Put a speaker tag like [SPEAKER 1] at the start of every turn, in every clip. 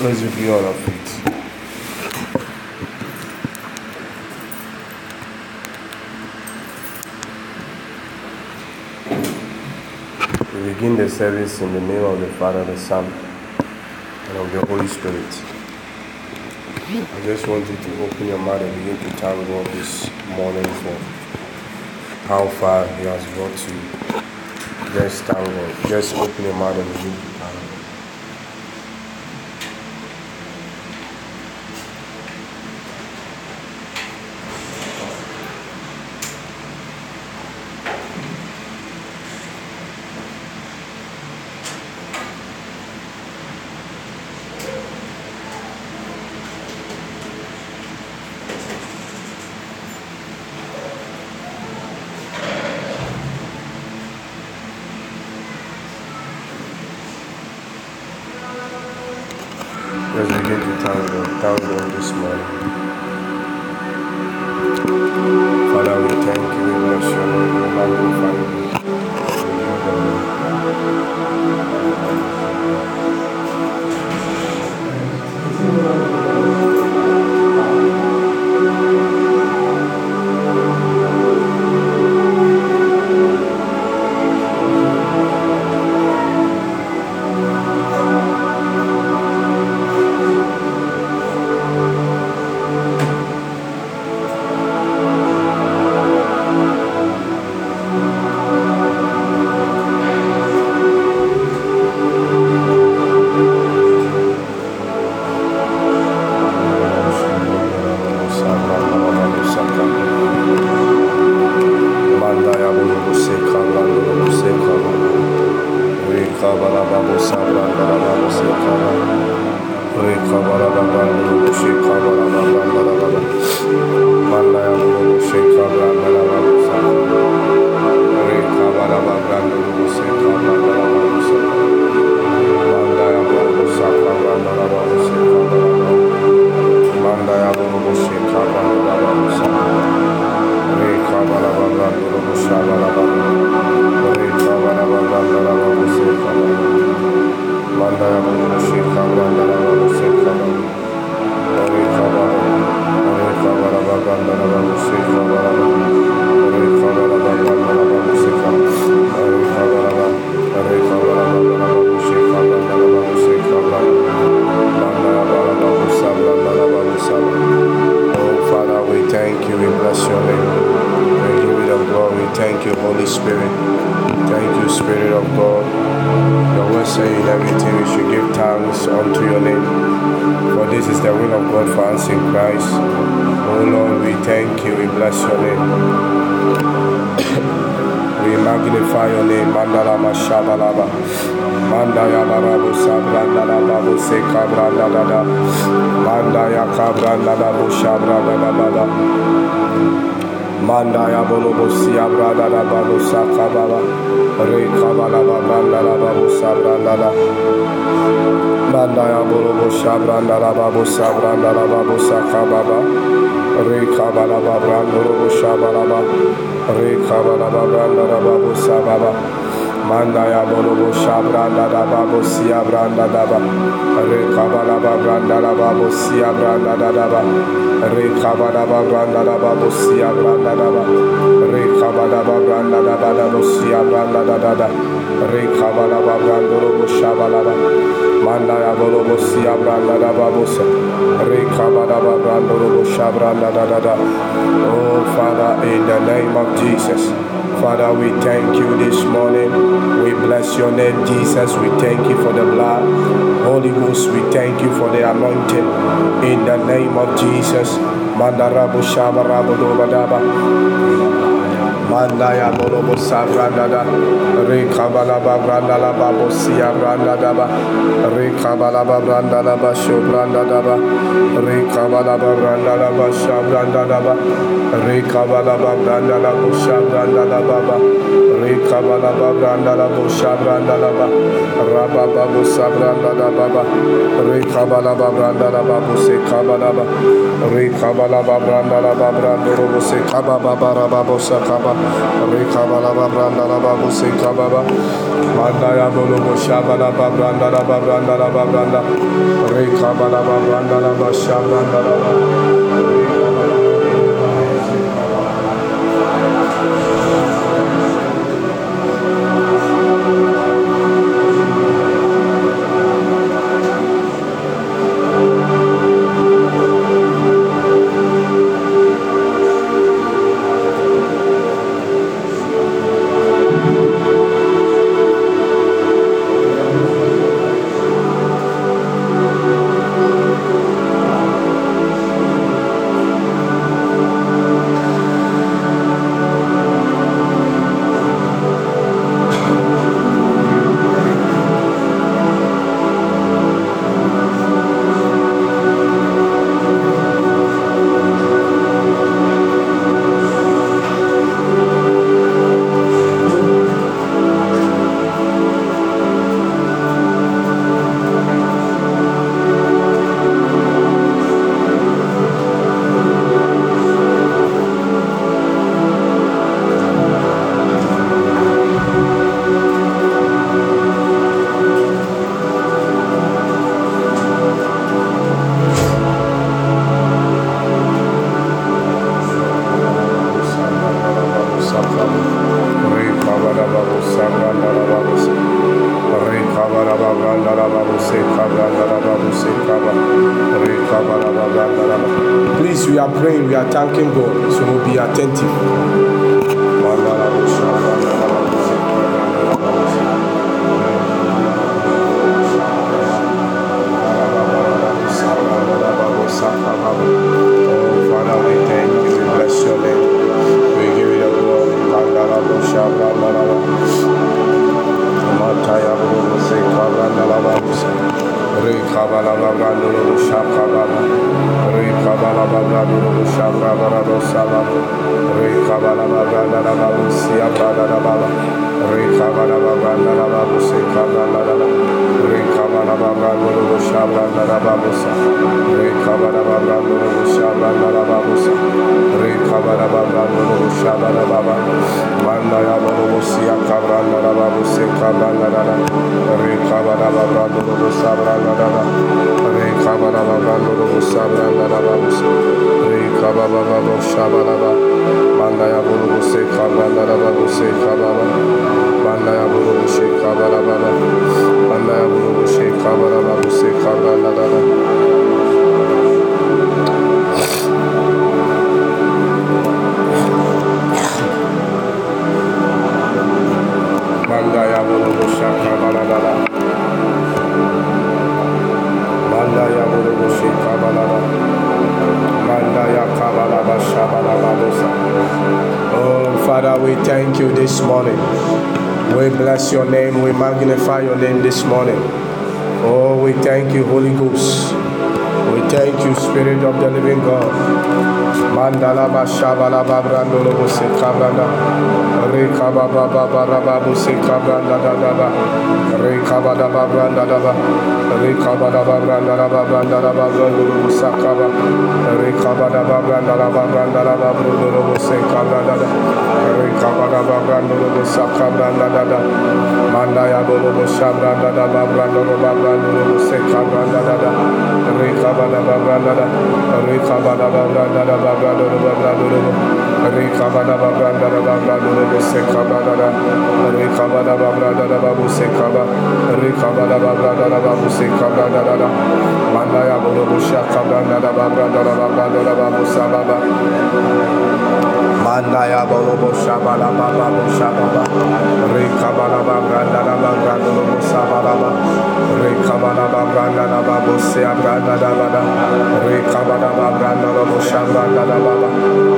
[SPEAKER 1] Let's review all of it. We begin the service in the name of the Father, the Son, and of the Holy Spirit. I just want you to open your mouth and begin to thank God this morning for how far He has brought you. Just thank God. Just open your mouth and begin Kababa, Reka Balaba, Randoro Shabalaba, Reka Balaba, Randaraba, Sababa manda ya borobo shabranda da babo siya branda da ba rekabala ba da ba, branda da babo siya branda da da ba rekabala ba da ba, branda da babo siya branda da da ba rekabala ba branda da ba da bo siya branda da da da rekabala ba da branda robo shabala ba manda ya borobo si branda da babo siya rekabala ba da branda robo da da da da oh father in the name of jesus Father, we thank you this morning. We bless your name, Jesus. We thank you for the blood. Holy Ghost, we thank you for the anointing. In the name of Jesus. Mandarabu Shabarabadobadaba. Mandaya Bolobo Sabrandada, Rekabalaba Brandala Babo Sia Brandadaba, Rekabalaba Brandalaba Shobrandadaba, Rekabalaba Brandalaba Shabrandadaba, Rekabalaba Brandalaba Shabrandadaba, Rekabala Babranda Labo Shabranda Laba Rabababu Sabranda Lababa Rekabala Babranda Lababu Sekabalaba Rekabala Babranda Lababranda Robo Sekababa Barababo Sakaba Rekabala Babranda Lababu Sekababa Mandaya Bolobo Shabala Babranda Lababranda Lababranda Rekabala Babranda Laba Shabranda Laba gada re kaba da ba bra do do sabra gada da re kaba da ba bra do do sabra gada ba re kaba ba ba do shaba da ba manda ya bu bu se kaba da da ba bu se kaba ba manda ya bu bu se kaba da ba manda ya bu bu se kaba da ba bu se kaba da da Mandaya Shaka Balabala. Mandaya Shaka Mandaya Kabalaba Oh, Father, we thank you this morning. We bless your name. We magnify your name this morning. Oh, we thank you, Holy Ghost. We thank you, Spirit of the Living God. Rekaba Baba Barababu Sekabranda Dadaba Rekaba Daba Branda Daba Rekaba Daba Branda Daba Branda Daba Branda Sakaba Rekaba Daba Branda Daba Branda Daba Branda Sekabra Dada Rekaba Daba Branda Daba Sakabranda Dada Mandaya Dolobo Shabranda Daba Branda Daba Branda Daba Sekabranda Dada Rekaba Daba Branda Daba Rekaba Daba Branda Daba Branda Daba Branda Daba Rekabada Babranda Babranda Sekabada Rekabada Babranda Babu Sekaba Rekabada Babranda Babu Sekabada Mandaya Borobu Shakabranda Babranda Babranda Babu Sababa Mandaya Borobu Shabala Babu Shababa Rekabada Babranda Babranda Babu Sababa Rekabada Babranda Babu Seabranda Rekabada Babranda Babu Shabranda Baba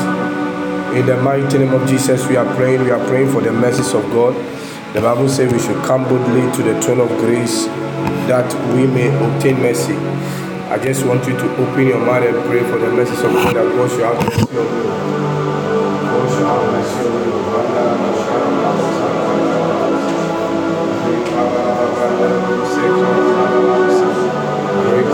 [SPEAKER 1] In the mighty name of Jesus, we are praying. We are praying for the mercies of God. The Bible says we should come boldly to the throne of grace that we may obtain mercy. I just want you to open your mouth and pray for the mercies of God that God you. God should have mercy on you. Thank you.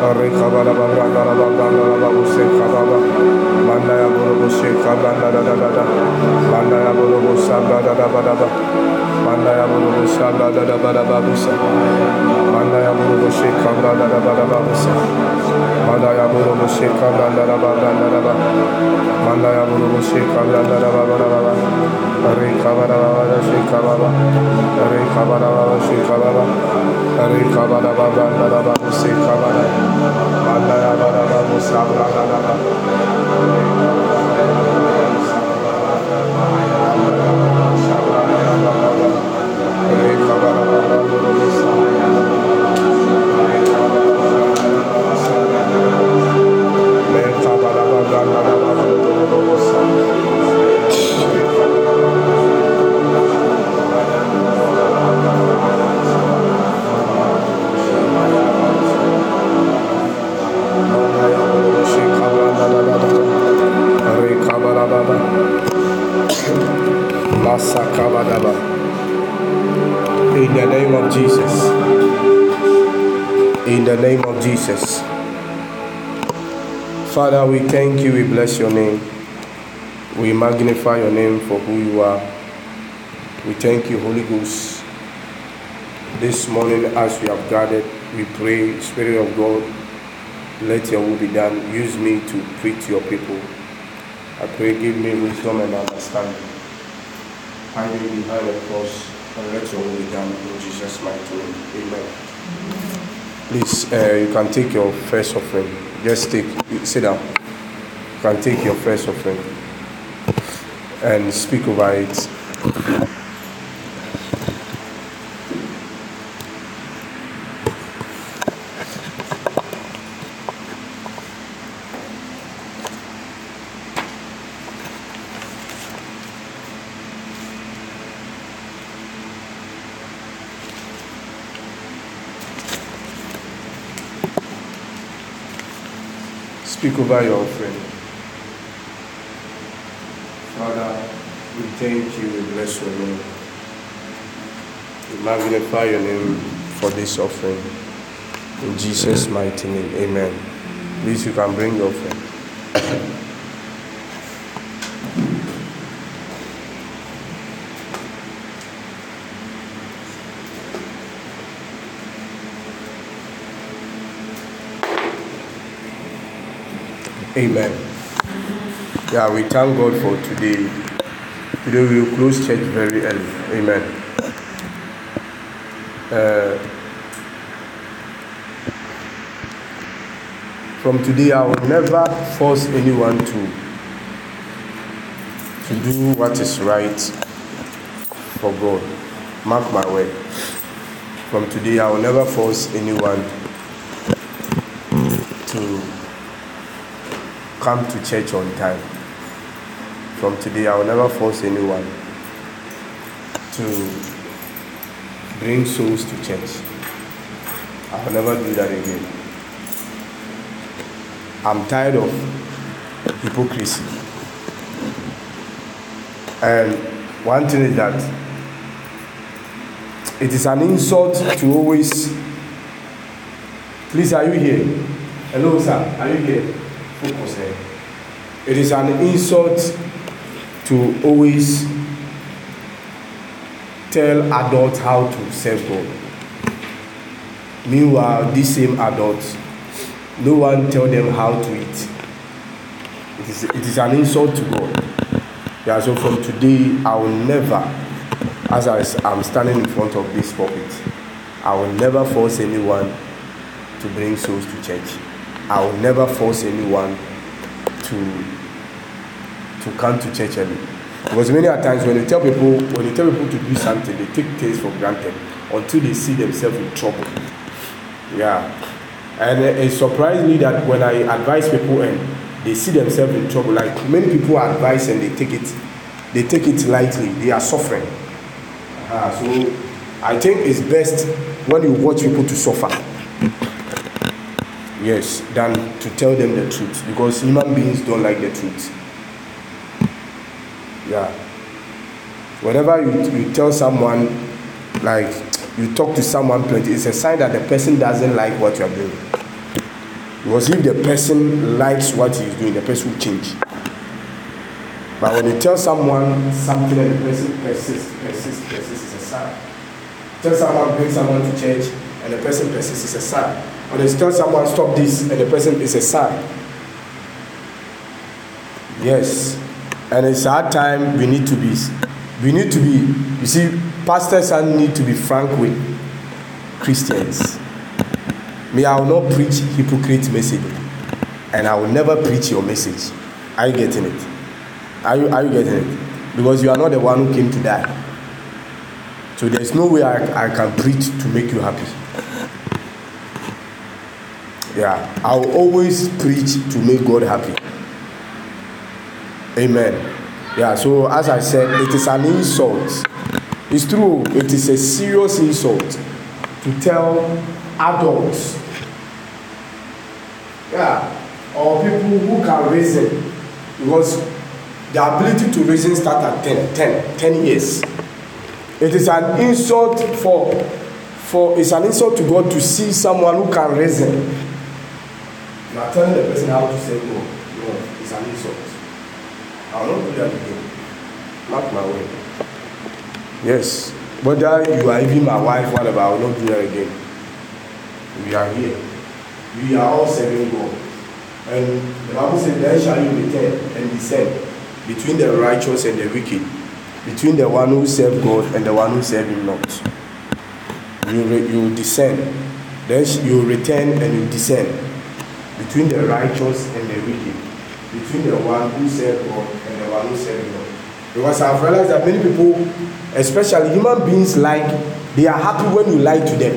[SPEAKER 1] Rikabala Bandana Bandana Babuse Kababa Bandaya Burubuse Kabanda da da da da Bandaya Burubusa da da da da da Bandaya Burubusa da da da da da Babusa Bandaya Burubuse Kabanda da da da Babusa Bandaya Burubuse Kabanda da da da da da Bandaya Burubuse Kabanda da da da da da Rikabala Baba Shikababa Rikabala Baba Shikababa Rikabala Baba da da da Sikabara, Mandara Allah, Sabra, In the name of Jesus. In the name of Jesus. Father, we thank you. We bless your name. We magnify your name for who you are. We thank you, Holy Ghost. This morning, as we have gathered, we pray, Spirit of God, let your will be done. Use me to preach your people. I pray, give me wisdom and understanding hiding behind the cross, and let your will be done in Jesus' mighty name. Amen. Please, uh, you can take your first offering. Just take, sit down. You can take your first offering and speak over it. speak over your offering. Father, we thank you, we bless your name. We magnify your name for this offering. In Jesus' mighty name, amen. Please, you can bring your offering. Amen. Yeah, we thank God for today. Today we will close church very early. Amen.
[SPEAKER 2] Uh, from today,
[SPEAKER 1] I will never force anyone to to do what is right for God. Mark my word. From today, I will never force anyone come to church on time. From today, I will never force anyone to bring souls to church. I will never do that again.
[SPEAKER 2] I'm tired of hypocrisy. And one thing is that it is an insult to always. Please, are you here? Hello, sir. Are you here? Focus. It is an insult to always tell adults how to serve God. Meanwhile, these same adults, no one tell them how to eat. It is, it is an insult to God. Yeah, so from
[SPEAKER 1] today, I will never, as I am standing in front of this pulpit, I will never force anyone to bring souls to church. I will never force
[SPEAKER 2] anyone to to come to church early. Because many a times when you tell people when you tell people to do something, they take things for granted until they see themselves in trouble. Yeah. And it surprised me that when I advise people and they see themselves in trouble, like many people are advised and they take it they take it lightly, they are suffering. Uh, so I think it's best when you watch people to suffer. yes, than to tell them the truth because human beings don't like the truth. Yeah. Whenever you, you tell someone, like you talk to someone plenty, it's a sign that the person doesn't like what you are doing. Because if the person likes what he's doing, the person will change. But when you tell someone something and the person persists, persists, persists, it's a sign. Tell someone, bring someone to church, and the person persists, it's a sign and you tell someone, stop this, and the person is a sign.
[SPEAKER 1] Yes. And it's our time we need
[SPEAKER 2] to be, we need to be, you see, pastors and need to be frank with Christians. Me, I will not preach hypocrite message. And I will never preach your message. Are you getting it? Are you, are you getting it? Because you are not the one who came to die. So there's no way I, I can preach to make you happy. Yeah, I will always preach to make God happy. Amen. Yeah, so as I said, it is an insult. It's true, it is a serious insult to tell adults, yeah, or people who can reason, because the ability to reason start at ten, ten, ten years. It is an insult for, for, it's an insult to God to see someone who can reason
[SPEAKER 1] You are telling the person how to say no. No, it's an insult. I will not do that again. Not my way. Yes. Whether you are even my wife, whatever, I will not do that again. We are here. We are all serving God. And the Bible says, Then shall you return and descend between the righteous and the wicked,
[SPEAKER 2] between the one who serve God and the one who serve him not. You, re- you descend. Then you return and you descend between the righteous
[SPEAKER 1] and the wicked, between the one who said God and the one who said God. Because
[SPEAKER 2] I've realized that many people, especially human beings, like they are happy when you lie to them.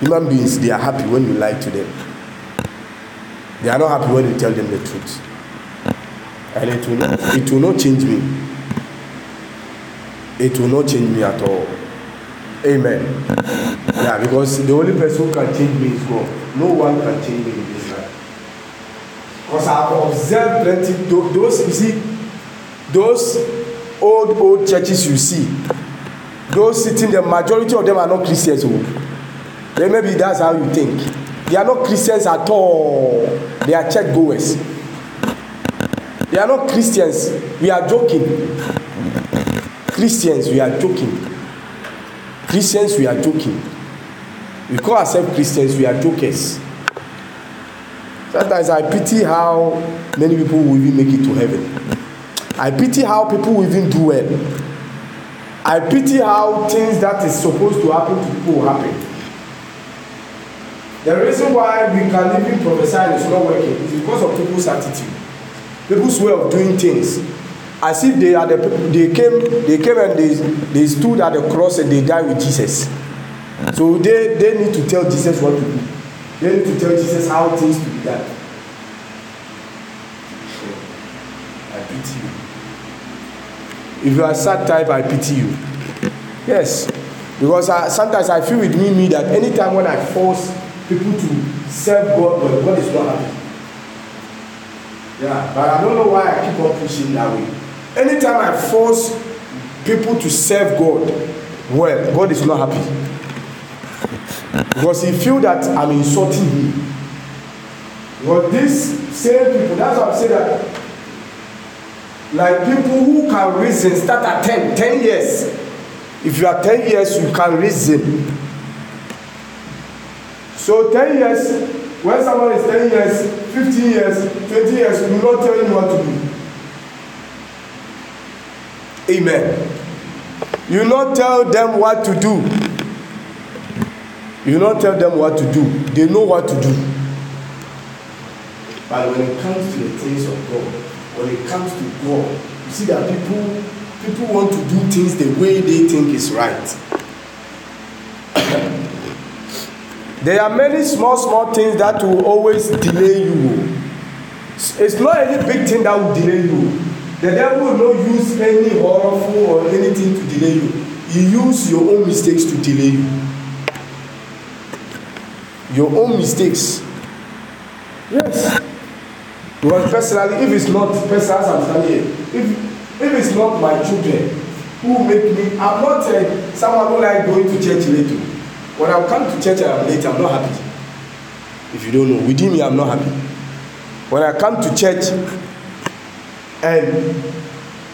[SPEAKER 2] Human beings, they are happy when you lie to them. They are not happy when you tell them the truth. And it will not, it will not change me. It will not change me at all. Amen. yeah, because the only person who can change me is God. No one can change me in
[SPEAKER 1] this life.
[SPEAKER 2] Because I've observed plenty those you see, those old old churches you see, those sitting the majority of them are not Christians. Oh. They maybe that's how you think. They are not Christians at all. They are church goers. They are not Christians. We are joking. Christians, we are joking Christians, we are joking. We call ourselves Christians, we are jokers. Sometimes I pity how many people will even make it to heaven. I pity how people will even do well. I pity how things that is supposed to happen to people happen. The reason why we can even prophesy is not working is because of people's attitude, people's way of doing things. as if they are the, they came they came and they they stood at the cross and they died with jesus so they they need to tell jesus what to do they need to tell jesus how things to be done i pity you if you are sad type i pity you yes because I, sometimes i feel with me me that anytime when i force people to serve god god is not happy yeah but i don't know why i keep on pushing that way anytime i force people to serve god well god is not happy because he feel that i'm insulting him but these same people that's why i say that like people who can reason start at ten ten years if you are ten years you can reason so ten years when someone is ten years fifteen years twenty years you no tell him what to do Amen. You not tell them what to do. You not tell them what to do. They know what to do. But when it comes to the things of God, when it comes to God, you see that people people want to do things the way they think is right. there are many small small things that will always delay you. It's not any big thing that will delay you The devil will not use any horrorful or anything to delay you. He use your own mistakes to delay you. Your own mistakes. Yes. Because personally, if it's not personal, I'm standing here. If if it's not my children who make me, I'm not uh, someone who like going to church late. When I come to church I'm late, I'm not happy. If you don't know, within me, I'm not happy. When I come to church And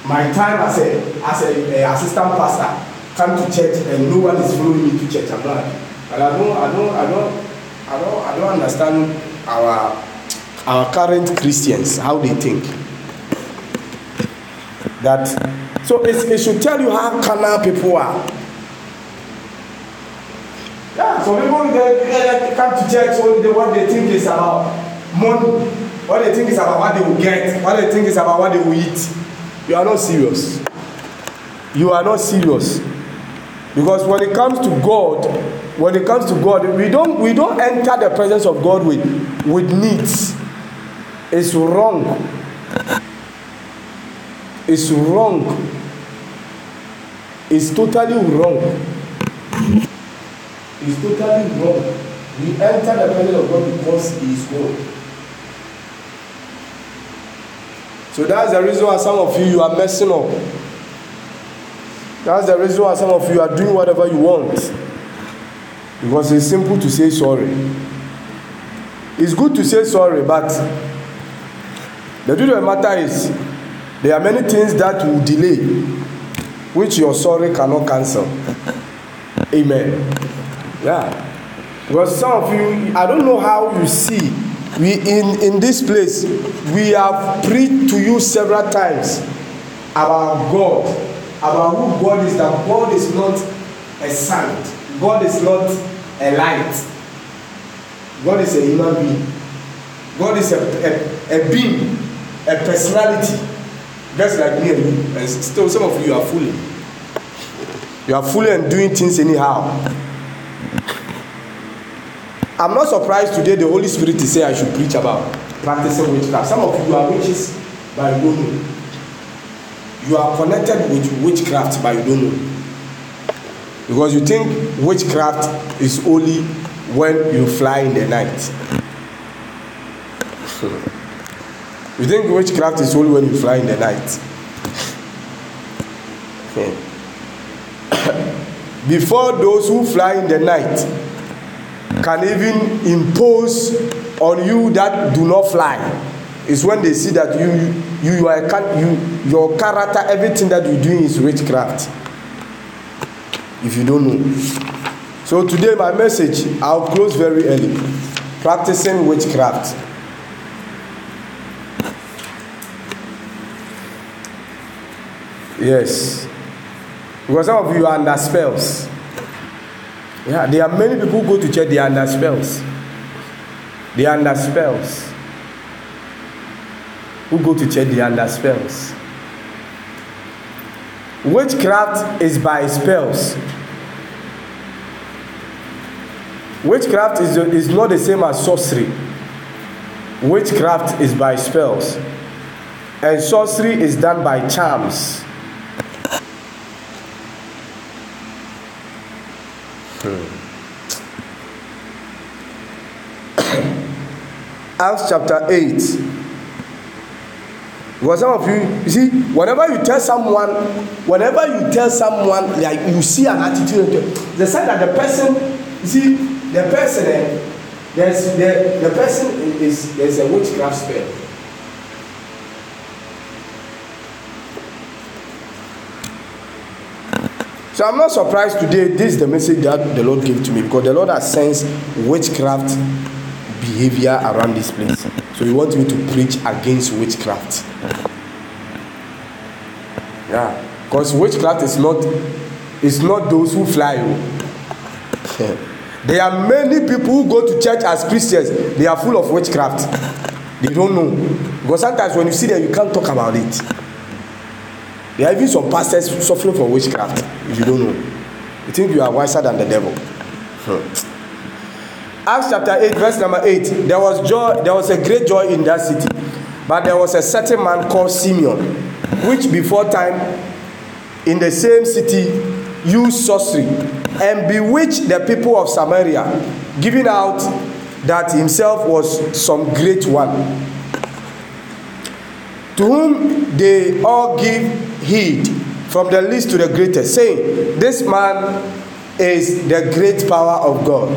[SPEAKER 2] my time as a as a, a assistant pastor, come to church and no one is following me to church. I'm like, I don't, I don't, I don't, I don't, I don't understand our our current Christians how they think. That so it, it should tell you how carnal people are.
[SPEAKER 1] Yeah, so people
[SPEAKER 2] they, they, come to church only what they think is about money What they think is about what they will get. What they think is about what they will eat. You are not serious. You are not serious. Because when it comes to God, when it comes to God, we don't we don't enter the presence of God with with needs. It's wrong. It's wrong. It's totally wrong. It's totally wrong. We enter the presence of God because He is God So that's the reason why some of you you are messing up. That's the reason why some of you are doing whatever you want. Because it's simple to say sorry. It's good to say sorry, but the truth of the matter is there are many things that will delay, which your sorry cannot cancel. Amen. Yeah. Because some of you, I don't know how you see we in in this place we have preached to you several times about god about who god is that god is not a saint god is not a light god is a human being god is a a, a being a personality just like me and you and still some of you are fooling you are fooling and doing things anyhow I'm not surprised today the Holy Spirit is saying I should preach about practicing witchcraft. Some of you are witches, but you don't know. You are connected with witchcraft, but you don't know. Because you think witchcraft is only when you fly in the night. You think witchcraft is only when you fly in the night. Hmm. Before those who fly in the night, can even impose on you that do not fly is when they see that you you, you are you your character everything that you do is witchcraft if you don't know so today my message i'll close very early practicing witchcraft yes because some of you are under spells yeah, there are many people who go to church, they are under spells. They are under spells. Who go to church, they are under spells. Witchcraft is by spells. Witchcraft is, is not the same as sorcery. Witchcraft is by spells. And sorcery is done by charms. Hmm. Acts chapter 8. Because some of you, you see, whenever you tell someone, whenever you tell someone, like you see an attitude, they said that the person, you see, the person, eh, there's the, the person is there's a witchcraft spell.
[SPEAKER 1] So I'm not surprised today. This is
[SPEAKER 2] the message that the Lord gave to me because the Lord has sensed witchcraft behavior around this place. So He wants me to preach against witchcraft. Yeah, because witchcraft is not is not those who fly. Oh. there are many people who go to church as Christians. They are full of witchcraft. They don't know because sometimes when you see them, you can't talk about it. They are even some pastors suffering from witchcraft, if you don't know. You think you are wiser than the devil. Hmm. Acts chapter eight, verse number eight. There was joy, there was a great joy in that city. But there was a certain man called Simeon, which before time in the same city used sorcery and bewitched the people of Samaria, giving out that himself was some great one To whom they all give heed, from the least to the greatest, saying, This man is the great power of God.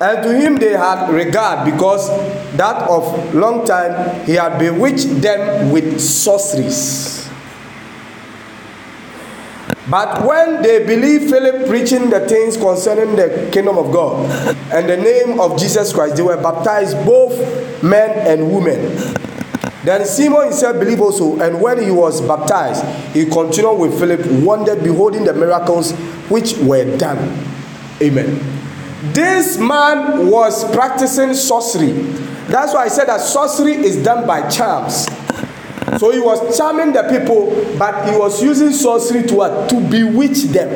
[SPEAKER 2] And to him they had regard, because that of long time he had bewitched them with sorceries. But when they believed Philip preaching the things concerning the kingdom of God and the name of Jesus Christ, they were baptized, both men and women. Then Simon himself believed also, and when he was baptized, he continued with Philip, wondered, beholding the miracles which were done. Amen. This man was practicing sorcery. That's why I said that sorcery is done by charms. So he was charming the people, but he was using sorcery to, uh, to bewitch them.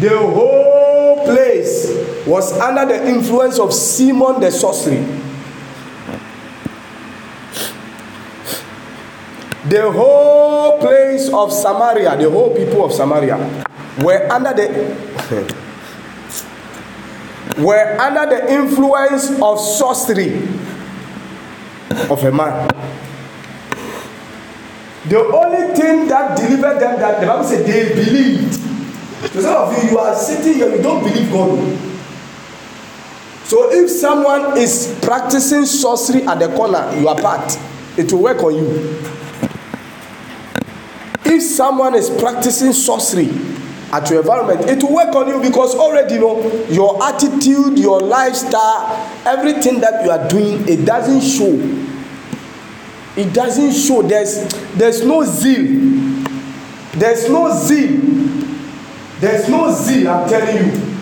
[SPEAKER 2] The whole place was under the influence of Simon the sorcerer. the whole place of Samaria, the whole people of Samaria, were under the were under the influence of sorcery of a man. The only thing that delivered them that the Bible said they believed. So some of you, you are sitting here, you don't believe God. So if someone is practicing sorcery at the corner, you are part. It will work on you someone is practicing sorcery at your environment it will work on you because already you know your attitude your lifestyle everything that you are doing it doesn't show it doesn't show there's there's no zeal there's no zeal there's no zeal i'm telling you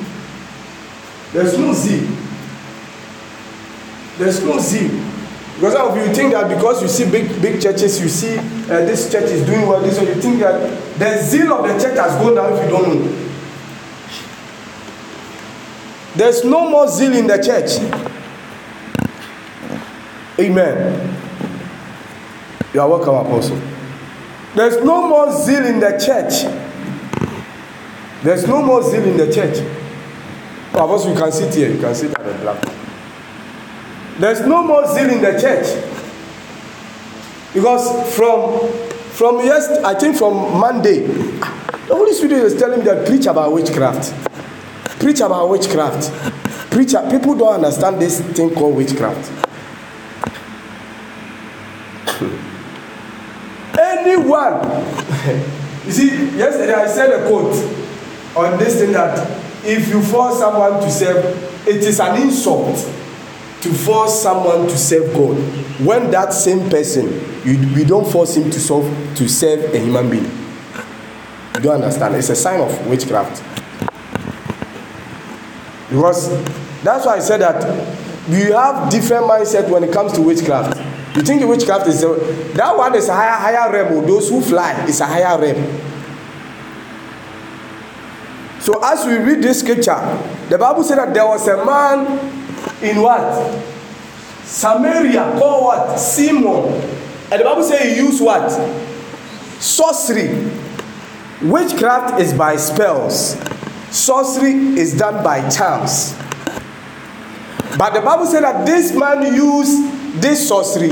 [SPEAKER 2] there's no zeal there's no zeal Because some of you think that because you see big big churches, you see uh, this church is doing well, this, so you think that the zeal of the church has gone down if you don't know. There's no more zeal in the church. Amen. You are welcome, Apostle. There's no more zeal in the church. There's no more zeal in the church. Apostle, you can sit here. You can sit at the black. There's no more zeal in the church. Because from from yes, I think from Monday, the Holy Spirit was telling me that preach about witchcraft. Preach about witchcraft. Preacher, people don't understand this thing called witchcraft. Anyone, you see, yesterday I said a quote on this thing that if you force someone to serve, it is an insult to force someone to serve God when that same person you, we don't force him to solve to serve a human being. You don't understand? It's a sign of witchcraft. Because that's why I said that we have different mindset when it comes to witchcraft. You think witchcraft is a, that one is a higher higher realm. Oh, those who fly is a higher realm. So as we read this scripture, the Bible said that there was a man in what? Samaria called what? Simon. And the Bible says he used what? Sorcery. Witchcraft is by spells. Sorcery is done by charms. But the Bible said that this man used this sorcery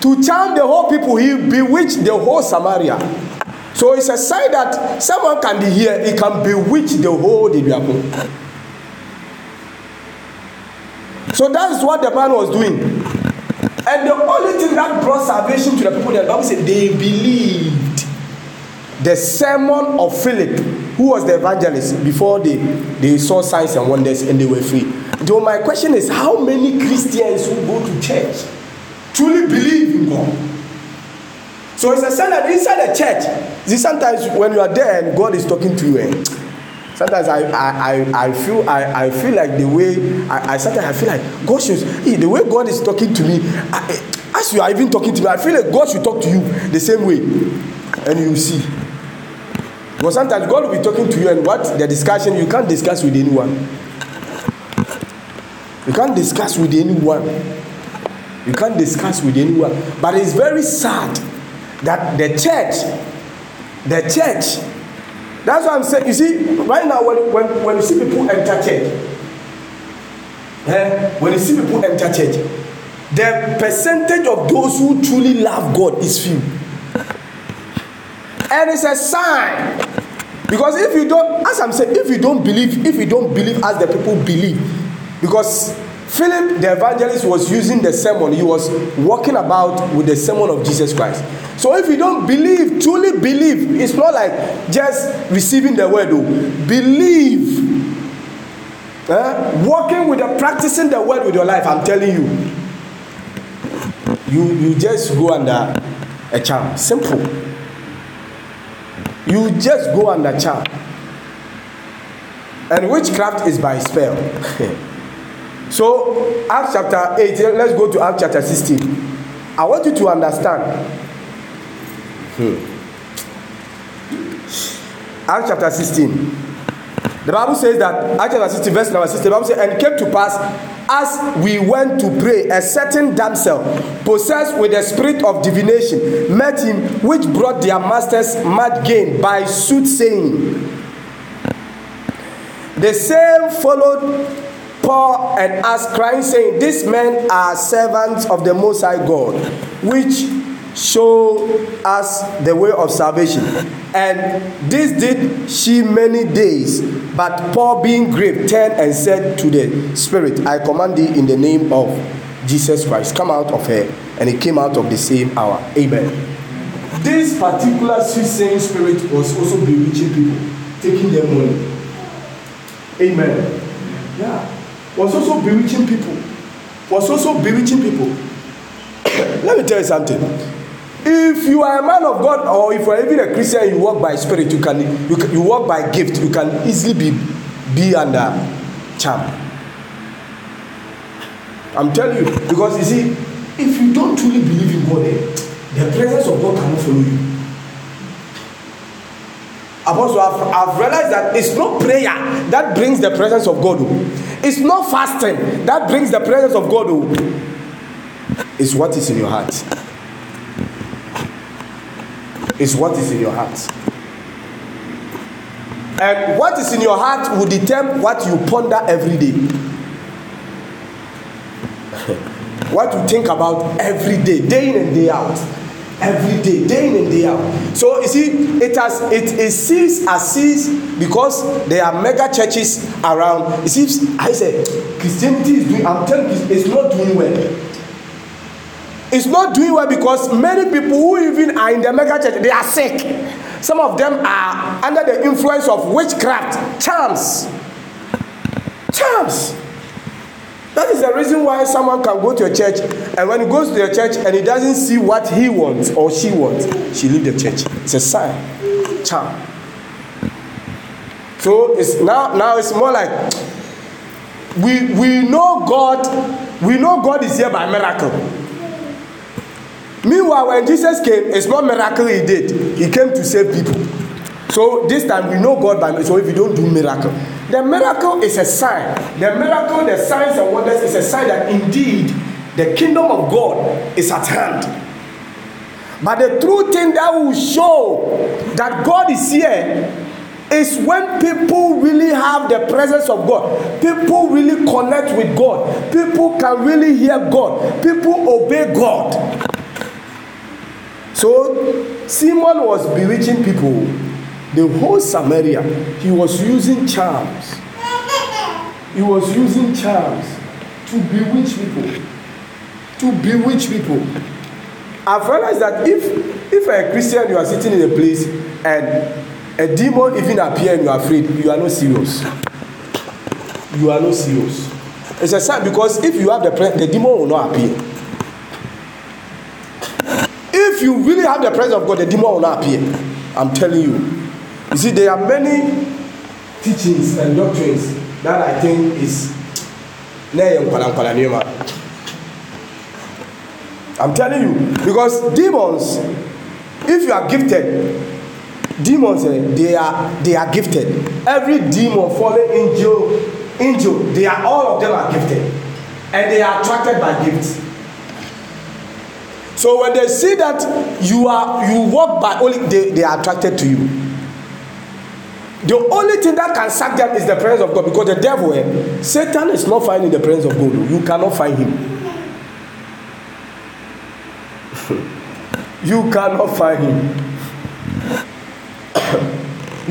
[SPEAKER 2] to charm the whole people. He bewitched the whole Samaria. So it's a sign that someone can be here, he can bewitch the whole Dibiapo. So that is what the man was doing. And the only thing that brought salvation to the people, the Bible said they believed the sermon of Philip, who was the evangelist, before they, they saw signs and wonders and they were free. Though my question is, how many Christians who go to church truly believe in God? So it's a sign that inside the church, sometimes when you are there and God is talking to you, eh, sometimes I, I I I, feel I, I feel like the way I, I sometimes I feel like God should hey, the way God is talking to me I, eh, as you are even talking to me I feel like God should talk to you the same way and you see because sometimes God will be talking to you and what the discussion you can't discuss with anyone you can't discuss with anyone you can't discuss with anyone but it's very sad that the church the church That's why I'm saying, you see, right now when, when, when you see people enter church, eh, when you see people enter church, the percentage of those who truly love God is few. And it's a sign. Because if you don't, as I'm saying, if you don't believe, if you don't believe as the people believe, because Philip the evangelist was using the sermon, he was walking about with the sermon of Jesus Christ. So if you don't believe, truly believe, it's not like just receiving the word, though. Believe. Eh? Working with the practicing the word with your life, I'm telling you. You you just go under a charm. Simple. You just go under charm. And witchcraft is by spell. So, Acts chapter eight. let's go to Acts chapter sixteen. I want you to understand. Hmm. Acts chapter sixteen. The Bible says that, Acts chapter sixteen, verse number sixteen. the Bible says, And it came to pass, as we went to pray, a certain damsel, possessed with the spirit of divination, met him, which brought their masters mad gain by soothsaying. The same followed Paul and us crying, saying, These men are servants of the Most High God, which show us the way of salvation. And this did she many days. But Paul, being grieved, turned and said to the Spirit, I command thee in the name of Jesus Christ, come out of her. And it came out of the same hour. Amen. This particular sweet saying spirit was also bewitching people, taking their money. Amen. Yeah. was also bewitching people. Was also bewitching people. Let me tell you something. If you are a man of God, or if you are even a Christian, you walk by spirit. You can you, you walk by gift. You can easily be be under um, charm. I'm telling you because you see, if you don't truly believe in God, eh, the presence of God cannot follow you. Apostle, I've, I've realized that it's not prayer that brings the presence of God. Oh. It's not fasting that brings the presence of God. Oh. It's what is in your heart. It's what is in your heart. And what is in your heart will determine what you ponder every day. what you think about every day, day in and day out every day day in and day out so you see it has it it seems as seems because there are mega churches around it seems i say christianity is doing i'm telling you it's not doing well it's not doing well because many people who even are in the mega church they are sick some of them are under the influence of witchcraft charms charms That is the reason why someone can go to a church and when he goes to a church and he doesn't see what he wants or she wants, she leave the church. It's a sign, charm. So it's now now it's more like we we know God, we know God is here by miracle. Meanwhile, when Jesus came, it's not miracle he did. He came to save people. So this time we know God by so if you don't do miracle The miracle is a sign. The miracle, the signs and wonders is a sign that indeed the kingdom of God is at hand. But the true thing that will show that God is here is when people really have the presence of God. People really connect with God. People can really hear God. People obey God. So Simon was bewitching people the whole Samaria, he was using charms. He was using charms to bewitch people. To bewitch people. I've realized that if if a Christian you are sitting in a place and a demon even appear and you are afraid, you are not serious. You are not serious. It's a sign because if you have the presence, the demon will not appear. If you really have the presence of God, the demon will not appear. I'm telling you. You see, there are many teachings and doctrines that I think is I'm telling you, because demons, if you are gifted, demons eh, they are they are gifted. Every demon, fallen angel, angel, they are all of them are gifted, and they are attracted by gifts. So when they see that you are you walk by only they, they are attracted to you The only thing that can sack them is the presence of God because the devil, eh, Satan is not finding the presence of God. You cannot find him. you cannot find him.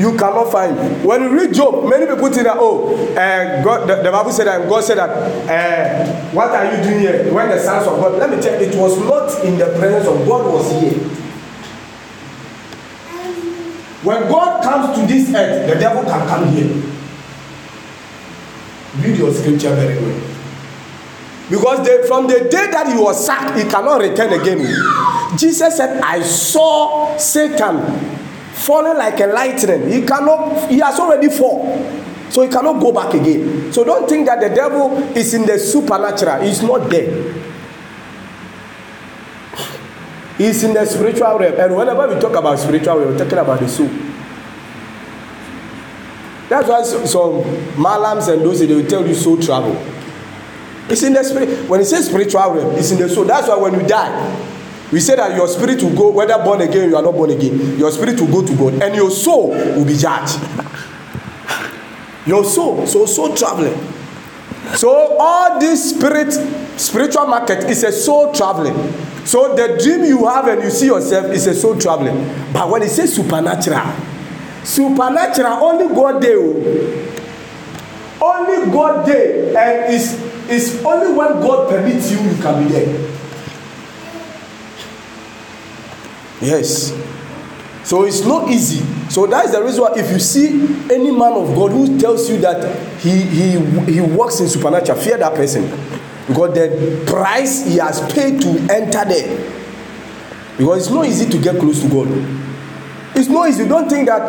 [SPEAKER 2] you cannot find him. When you read Job, many people think that, oh, uh, God, the, the Bible said that, God said that, uh, what are you doing here? When the sons of God, let me tell you, it was not in the presence of God was here. When God comes to this earth, the devil can come here. Read your scripture very well. Because they, from the day that he was sacked, he cannot return again. Jesus said, I saw Satan falling like a lightning. He cannot, he has already fall, So he cannot go back again. So don't think that the devil is in the supernatural, he's not there is in the spiritual realm. And whenever we talk about spiritual realm, we're talking about the soul. That's why some malams and those they will tell you soul travel. It's in the spirit. When it says spiritual realm, it's in the soul. That's why when you die, we say that your spirit will go, whether born again or you are not born again, your spirit will go to God and your soul will be judged. your soul, so soul traveling. So all this spirit, spiritual market is a soul traveling. So the dream you have and you see yourself is a soul traveling. But when it says supernatural, supernatural only God dey o. Oh. Only God dey and it's it's only when God permits you you can be there. Yes. So it's not easy So that is the reason why if you see any man of God who tells you that he he he works in supernatural, fear that person. Because the price he has paid to enter there. Because it's not easy to get close to God. It's not easy. Don't think that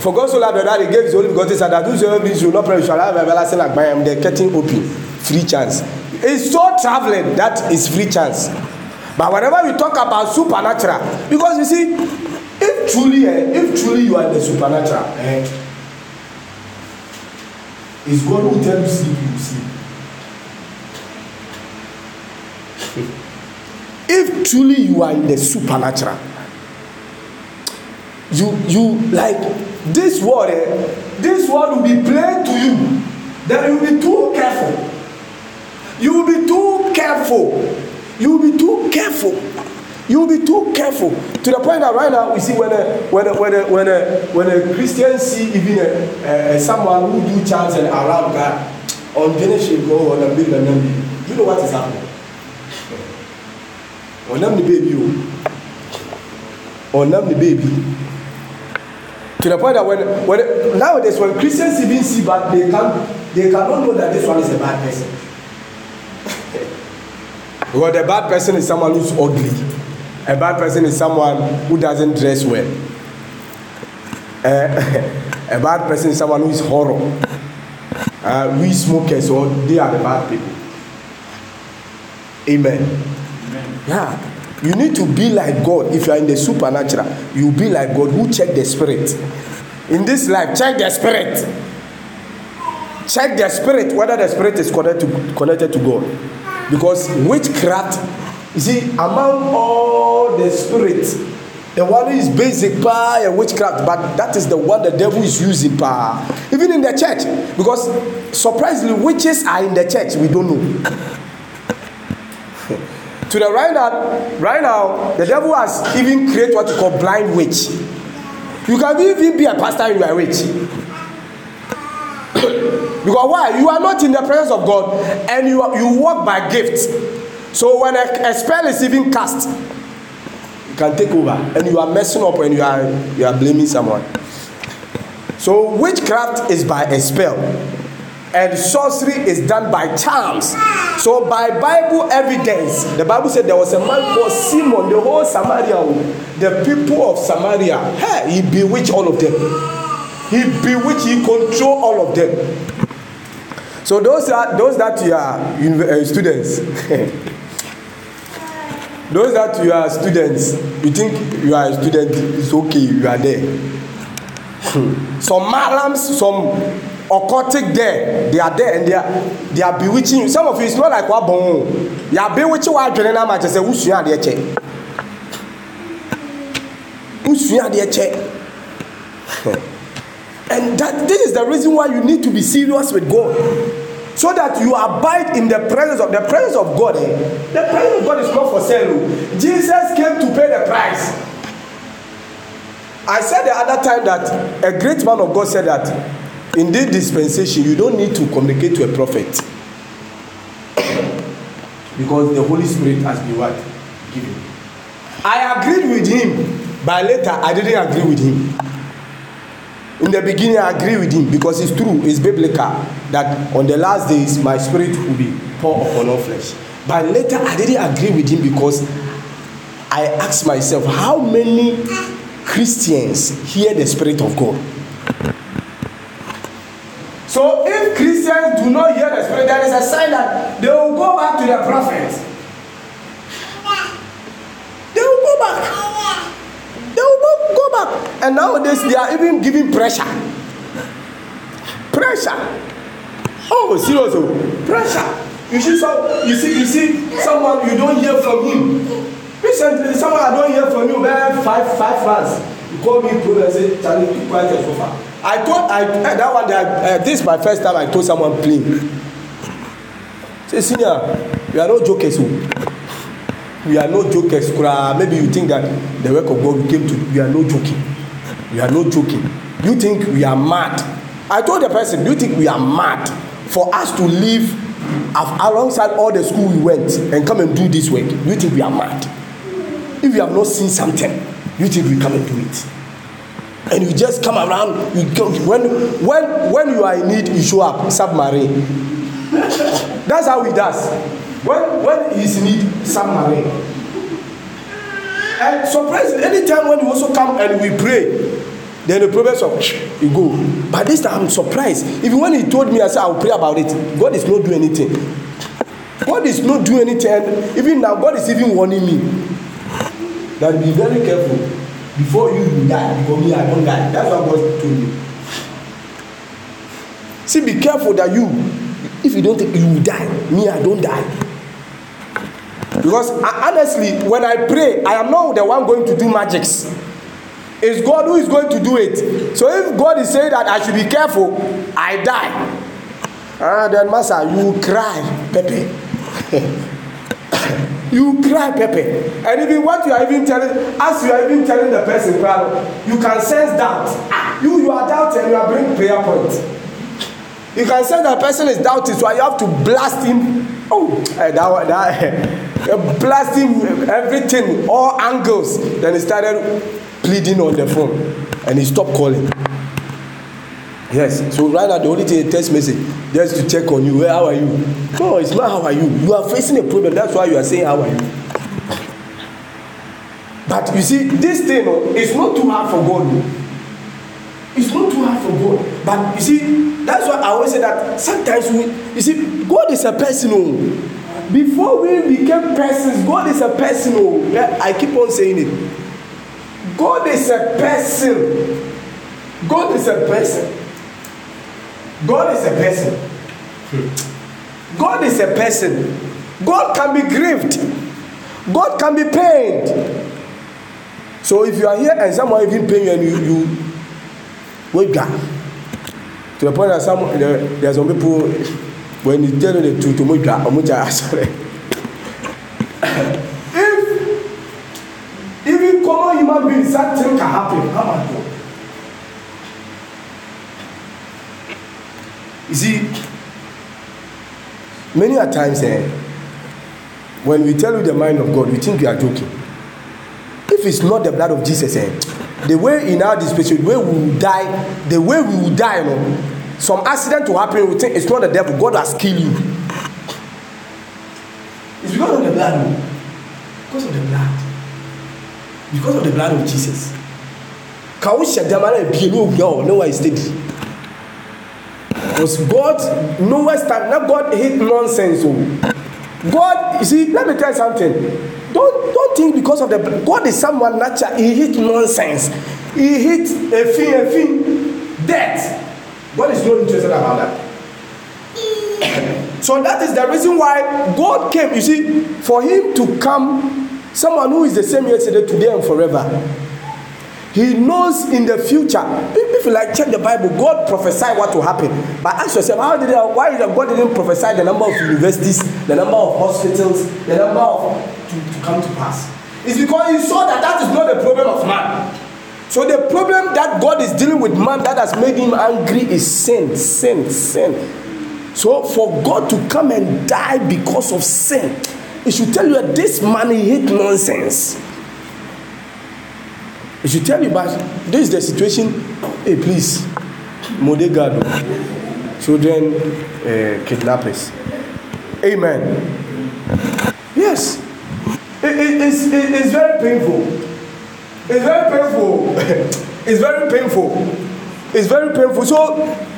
[SPEAKER 2] for God so loved the world gave his only begotten son that whosoever you will not perish shall have everlasting life. By him, the curtain open, free chance. It's so traveling that is free chance. But whenever we talk about supernatural, because you see, if truly eh, if truly you are the supernatural eh, is God who tell you sleep you sleep if truly you are in the supernatural you you like this word eh, this word will be plain to you then you be too careful you be too careful you be too careful you be too careful To the point that right now we see when a when a, when a, when a, when a Christian see even a, a, someone who do chants and around God on generation go on a big and you know what is happening. Onam the baby, oh. onam the baby. To the point that when when nowadays when Christians even see but they can they cannot know that this one is a bad person. because the bad person is someone who's ugly. A bad person is someone who doesn't dress well. Uh, a bad person is someone who is horrible. Uh, we smokers, so they are the bad people. Amen. Amen. Yeah. You need to be like God. If you are in the supernatural, you be like God who check the spirit. In this life, check the spirit. Check the spirit whether the spirit is connected to, connected to God. Because witchcraft You see, among all the spirits, the one is basic power and witchcraft, but that is the one the devil is using power. Even in the church, because surprisingly, witches are in the church. We don't know. to the right now, right now, the devil has even create what you call blind witch. You can even be a pastor and you are rich. because why? You are not in the presence of God and you, are, you work by gifts. So when a, a spell is even cast, you can take over, and you are messing up, and you are you are blaming someone. So witchcraft is by a spell, and sorcery is done by charms. So by Bible evidence, the Bible said there was a man called Simon, the whole Samaria, the people of Samaria. Hey, he bewitched all of them. He bewitched, he control all of them. So those are those that you are uh, students. those that you are students you think you are a student it's okay you are there hmm. some malams some occultic there they are there and they are they are bewitching you some of you it's not like wabon you are bewitching wa adwene na ma kyerɛ sɛ wusua adeɛ kyɛ wusua adeɛ kyɛ and that this is the reason why you need to be serious with God so that you abide in the presence of the presence of God. Eh? The presence of God is not for sale. Oh. Jesus came to pay the price. I said the other time that a great man of God said that in this dispensation you don't need to communicate to a prophet because the Holy Spirit has been what given. I agreed with him, but later I didn't agree with him in the beginning i agree with him because it's true it's biblical that on the last days my spirit will be poured upon all flesh but later i didn't agree with him because i asked myself how many christians hear the spirit of god so if christians do not hear the spirit there is a sign that they will go back to their prophets. they will go back They will go back. And nowadays, they are even giving pressure. Pressure. Oh, seriously. Oh. Pressure. You see, some, you see, you see someone you don't hear from him. Recently, someone I don't hear from you, man, five, five months. You call me pro and say, Charlie, keep quiet and so far. I told, I, eh, that one, I, uh, eh, this is my first time I told someone playing. Say, senior, you are not joking, so we are no jokers koraa maybe you think that the work of God we came to we are no joking we are no joking you think we are mad I told the person do you think we are mad for us to live alongside all the school we went and come and do this work do you think we are mad if you have not seen something do you think we come and do it and you just come around you go when when when you are in need you show up submarine that's how he does when when he is in need some money, there and surprisingly anytime when he also come and we pray then the promise of he go but this time i'm surprised even when he told me i say i will pray about it god is not do anything god is not do anything and even now god is even warning me that be very careful before you die Before me i don die that's what god told me see be careful that you if you don take you will die me i don die Because uh, honestly, when I pray, I am not the one going to do magics. It's God who is going to do it. So if God is saying that I should be careful, I die. Ah, then massa, you cry, Pepe. you cry, Pepe. And even what you are even telling, as you are even telling the person, you can sense doubt. Ah, you you are doubting, you are bringing prayer point. You can sense that person is doubting, so you have to blast him. Oh, eh, that that. Eh, blasting everything, all angles. Then he started pleading on the phone and he stopped calling. Yes, so right now the only thing a text message just to check on you. Well, how are you? No, it's not how are you. You are facing a problem. That's why you are saying how are you. But you see, this thing oh, its not too hard for God. It's not too hard for God. But you see, that's why I always say that sometimes we, you see, God is a person. Who, oh. Before we became persons, God is a person. Oh, I keep on saying it. God is a person. God is a person. God is a person. God is a person. God can be grieved. God can be pained. So if you are here and someone even pain you and you you wake up to the point that some there, there are some people when it's generally to to mudwa omuja sorry if even common human beings that thing can happen how about you? you see many a times eh when we tell you the mind of God we think you are joking if it's not the blood of Jesus eh the way in our dispensation the way we will die the way we will die you know some accident to happen you think it's not the devil god has killed you it's because of the blood o oh. because of the blood because of the blood of jesus ka o hyɛ dɛm ara ebie ne ohia o ne wa is steady because god nowhere time na god hate nonsense o oh. god you see let me tell you something don't don't think because of the god is someone natural he hate nonsense he hate efin efin death God is not interested about that. so that is the reason why God came. You see, for him to come, someone who is the same yesterday, today, and forever. He knows in the future. If you like check the Bible, God prophesied what will happen. But ask yourself, how did why did God didn't prophesy the number of universities, the number of hospitals, the number of to, to come to pass? It's because he saw that that is not the problem of man. So the problem that God is dealing with man that has made him angry is sin, sin, sin. So for God to come and die because of sin, it should tell you that this man he hate nonsense. It should tell you, but this is the situation. Hey, please, Modegado, children, uh, kidnappers. Amen. Yes, it, it, it's, it, it's very painful. It's very painful. it's very painful. It's very painful. So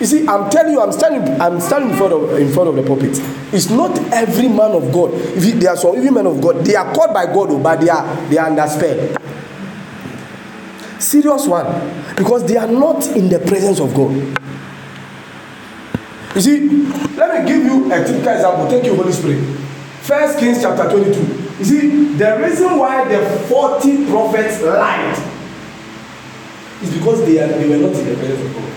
[SPEAKER 2] you see, I'm telling you, I'm standing, I'm standing in front of in front of the pulpit. It's not every man of God. If you, there are some even men of God, they are called by God, oh, but they are they are under spell. Serious one, because they are not in the presence of God. You see, let me give you a typical example. Thank you, Holy Spirit. First Kings chapter twenty-two. You see, the reason why the 40 prophets lied is because they, are, they were not in the presence of God.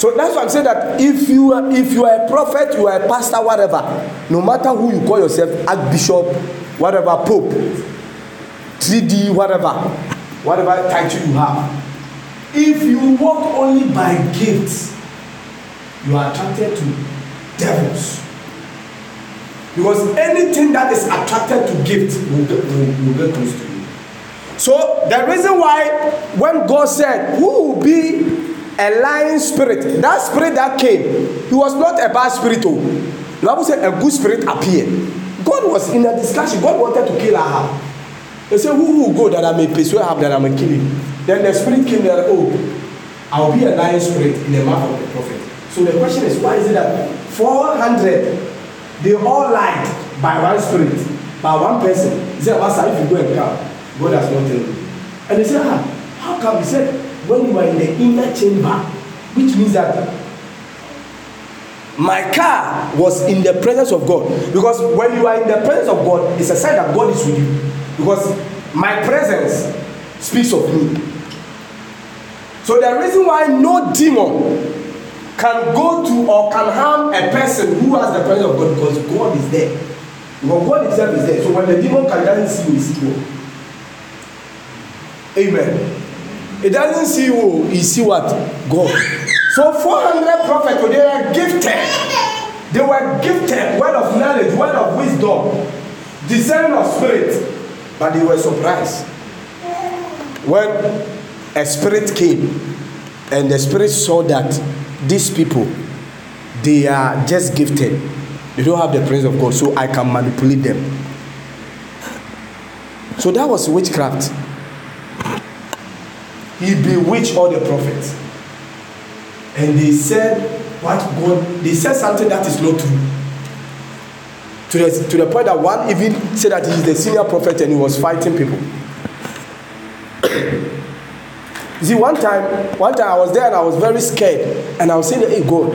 [SPEAKER 2] So that's why I'm saying that if you are if you are a prophet, you are a pastor, whatever, no matter who you call yourself, archbishop, whatever, pope, 3D, whatever, whatever title you have, if you walk only by gifts, you are attracted to devils. Because anything that is attracted to gift will get, will, will get close to you. So the reason why when God said, Who will be a lying spirit? That spirit that came, he was not a bad spirit. Though. The Bible said a good spirit appeared. God was in a discussion. God wanted to kill Ahab. They said, Who will go that I may persuade Ahab that I may kill him? Then the spirit came there, oh, I'll be a lying spirit in the mouth of the prophet. So the question is, why is it that 400 They all lied by one spirit, by one person. He said, Master, if you go and come, God has not told you. And they said, ah, How come? He said, When you were in the inner chamber, which means that my car was in the presence of God. Because when you are in the presence of God, it's a sign that God is with you. Because my presence speaks of me. So the reason why no demon can go to or can harm a person who has the presence of God because God is there. Because God Himself is there. So when the demon can doesn't see you, he sees you. Amen. It doesn't see you, he see what? God. So 400 prophets today were gifted. They were gifted word of knowledge, word of wisdom, discernment of spirit. But they were surprised. When a spirit came and the spirit saw that these people, they are just gifted. They don't have the presence of God, so I can manipulate them. So that was witchcraft. He bewitched all the prophets. And they said what God, they said something that is not true. To the, to the point that one even said that he is the senior prophet and he was fighting people see, one time, one time I was there and I was very scared, and I was saying, "Hey God,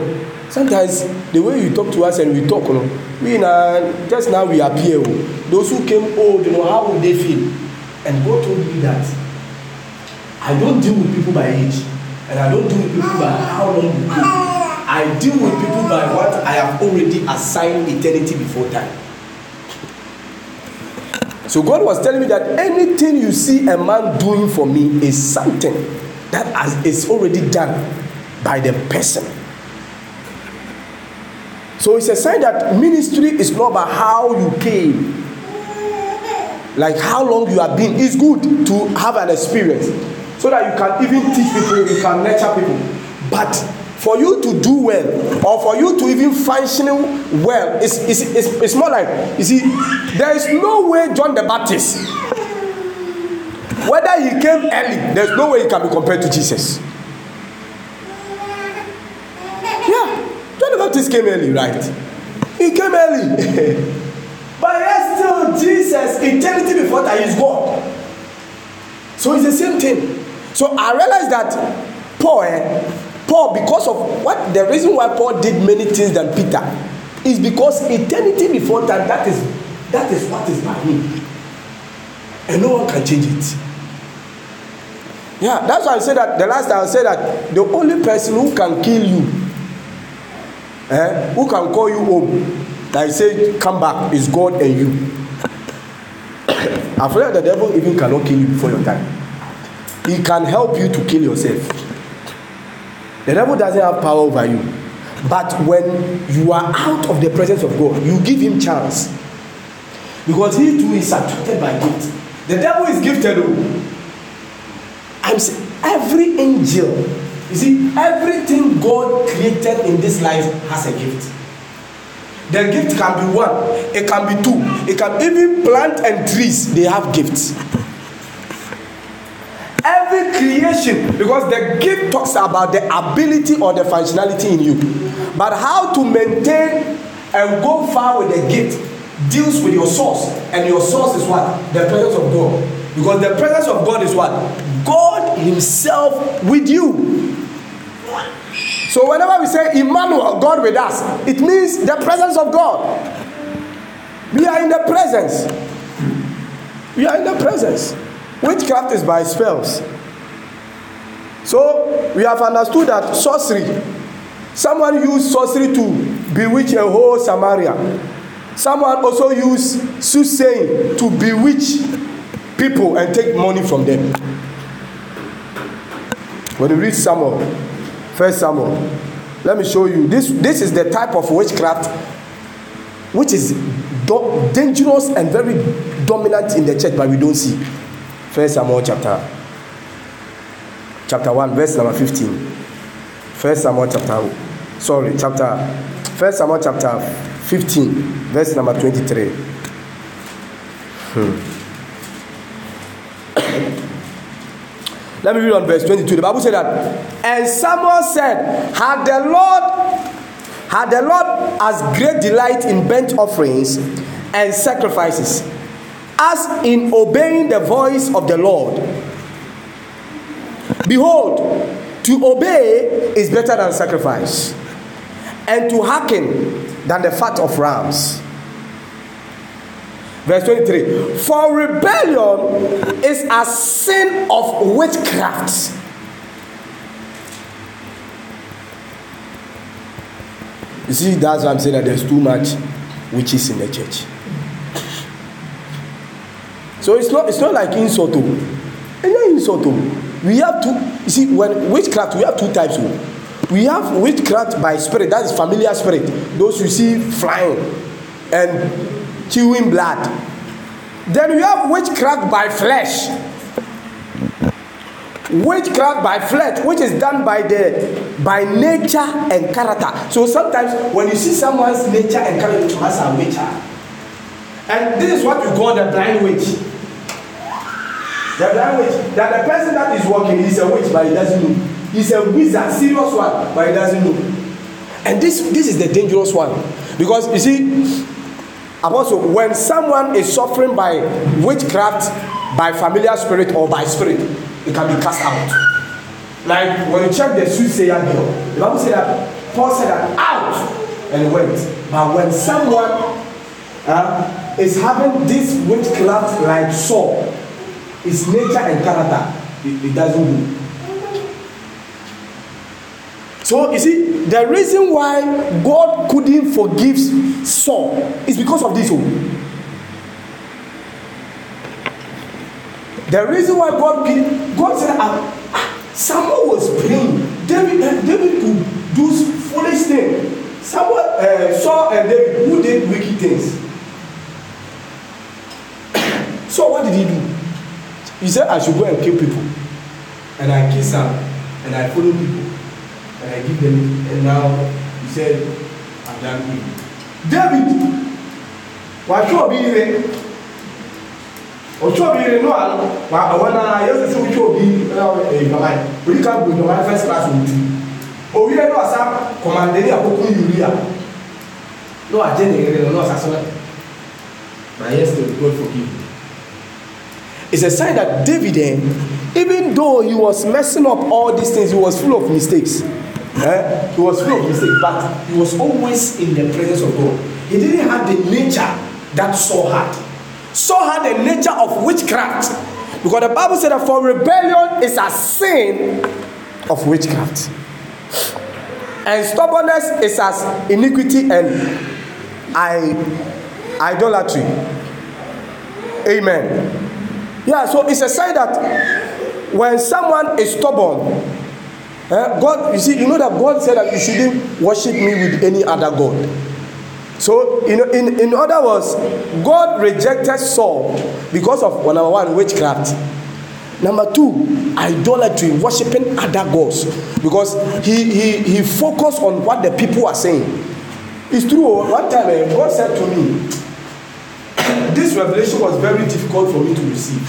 [SPEAKER 2] sometimes the way you talk to us and we talk, you know, we na just now we appear. Oh. Those who came old, you know, how would they feel?" And God told me that I don't deal with people by age, and I don't deal with people by how long you live. I deal with people by what I have already assigned eternity before time. So God was telling me that anything you see a man doing for me is something that has, is already done by the person. So it's a sign that ministry is not about how you came, like how long you have been. It's good to have an experience so that you can even teach people, you can nurture people. But for you to do well or for you to even function well it's, it's, it's, it's more like you see there is no way john the baptist whether he came early there's no way he can be compared to jesus yeah john the baptist came early right he came early but yet still jesus eternity before that is god so it's the same thing so i realized that paul eh, Paul, because of what the reason why Paul did many things than Peter is because eternity before time, that is that is what is by him. And no one can change it. Yeah, that's why I say that the last time I say that the only person who can kill you, eh, who can call you home, that say come back is God and you. I feel like the devil even cannot kill you before your time. He can help you to kill yourself. The devil doesn't have power over you. But when you are out of the presence of God, you give him chance. Because he too is attracted by gift. The devil is gifted. Oh. I'm saying every angel, you see, everything God created in this life has a gift. The gift can be one, it can be two, it can even plant and trees, they have gifts every creation because the gift talks about the ability or the functionality in you but how to maintain and go far with the gift deals with your source and your source is what the presence of god because the presence of god is what god himself with you so whenever we say emmanuel god with us it means the presence of god we are in the presence we are in the presence witchcraft is by spells So we have understood that sorcery, someone used sorcery to bewitch a whole Samaria. Someone also used soothsaying to bewitch people and take money from them. When you read Samuel, First Samuel, let me show you. This, this is the type of witchcraft which is dangerous and very dominant in the church, but we don't see. First Samuel chapter chapter 1 verse number 15 first samuel chapter sorry chapter first samuel chapter 15 verse number 23 hmm. let me read on verse 22 the bible said that and samuel said had the lord had the lord as great delight in burnt offerings and sacrifices as in obeying the voice of the lord Behold, to obey is better than sacrifice, and to hearken than the fat of rams. Verse 23 For rebellion is a sin of witchcraft. You see, that's why I'm saying that there's too much witches in the church. So it's not, it's not like insult. Oh. It's not insult. Oh we have two you see when witchcraft we have two types oh. we have witchcraft by spirit that is familiar spirit those you see flying and chewing blood then we have witchcraft by flesh witchcraft by flesh which is done by the by nature and character so sometimes when you see someone's nature and character you must a witcher and this is what we call the blind witch they are blind witch that the person that is working is a witch but he doesn't know he's a wizard serious one but he doesn't know and this this is the dangerous one because you see apostle when someone is suffering by witchcraft by familiar spirit or by spirit it can be cast out like when you check the soothsayer bill the bible say that paul said that out and went but when someone uh, is having this witchcraft like so. His nature and character, it, it doesn't do. So you see, the reason why God couldn't forgive Saul is because of this one. Oh. The reason why God God said ah, ah, Samuel was praying. David uh, David could do foolish things. Samuel uh, Saul and David who did wicked things. so what did he do? you say i should go and kill people and i kiss am and i follow people and i give them and now you say I done with david wàtí òbí rẹ òtí òbí rẹ náà wà àwọn náà yóò sẹsẹ òtí òbí ìgbàlá yìí oníkà gbòdò wà first class òtí òwí rẹ náà sá kọmandé ní àkókò yìí náà àjẹ nìyẹn rẹ náà sá sọlẹ na yes to god forgive you. It's a sign that David, eh, even though he was messing up all these things, he was full of mistakes. Eh? He was full of mistakes, but he was always in the presence of God. He didn't have the nature that Saul had. Saul had the nature of witchcraft. Because the Bible said that for rebellion is a sin of witchcraft. And stubbornness is as iniquity and idolatry. Amen. Yeah, so it's a sign that when someone is stubborn, eh, God, you see, you know that God said that you shouldn't worship me with any other God. So, in, in, in other words, God rejected Saul because of well, number one, witchcraft. Number two, idolatry, worshiping other gods. Because he, he, he focused on what the people are saying. It's true. One time, eh, God said to me, this revelation was very difficult for me to receive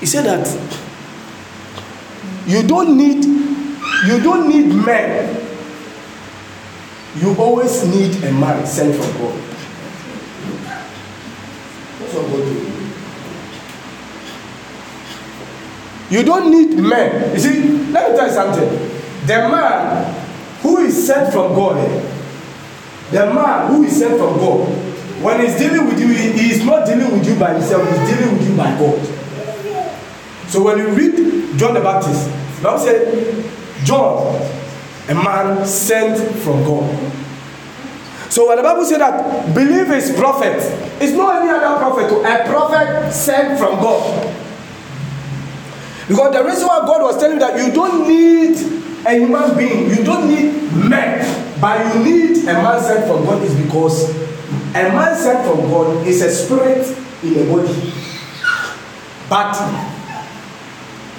[SPEAKER 2] he said that you don't need you don't need men you always need a man sent from God that's what God you don't need men you see let me tell you something the man who is sent from God eh, the man who is sent from God when he's dealing with you he, is not dealing with you by himself he's dealing with you by god so when you read john the baptist the bible say john a man sent from god so when the bible say that believe his prophet it's not any other prophet o oh, a prophet sent from god because the reason why god was telling you that you don't need a human being you don't need men but you need a man sent from god is because A man sent from God is a spirit in a body. But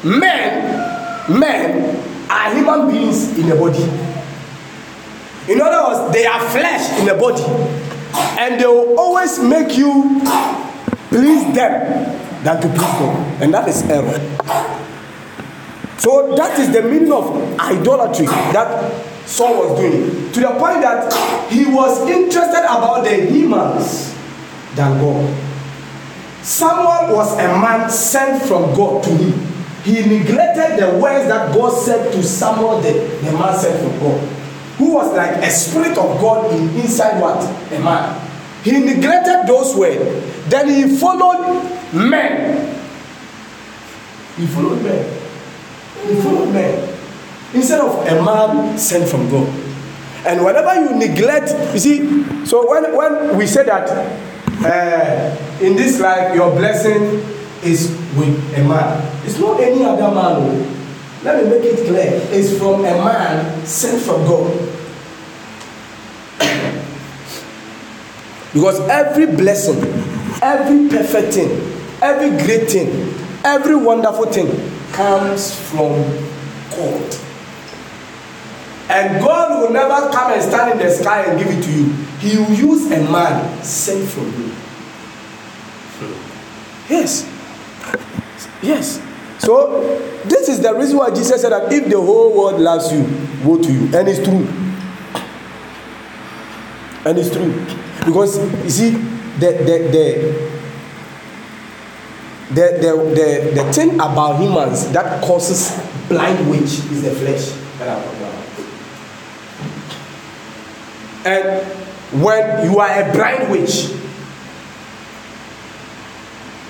[SPEAKER 2] men, men are human beings in a body. In other words, they are flesh in a body. And they will always make you please them than to please God. And that is error. So that is the meaning of idolatry. That Saul was doing to the point that he was interested about the humans than God. Samuel was a man sent from God to him. He neglected the words that God said to Samuel, the, the man sent from God, who was like a spirit of God in, inside what? A man. He neglected those words. Then he followed men. He followed men. He followed men instead of a man sent from God. And whenever you neglect, you see, so when, when we say that uh, in this life your blessing is with a man, it's not any other man. Oh. Let me make it clear. It's from a man sent from God. because every blessing, every perfect thing, every great thing, every wonderful thing comes from God. And God will never come and stand in the sky and give it to you. He will use a man sent for you. Hmm. Yes. Yes. So, this is the reason why Jesus said that if the whole world loves you, go to you. And it's true. And it's true. Because, you see, the, the, the, the, the, the, the thing about humans that causes blind witch is the flesh And when you are a blind witch,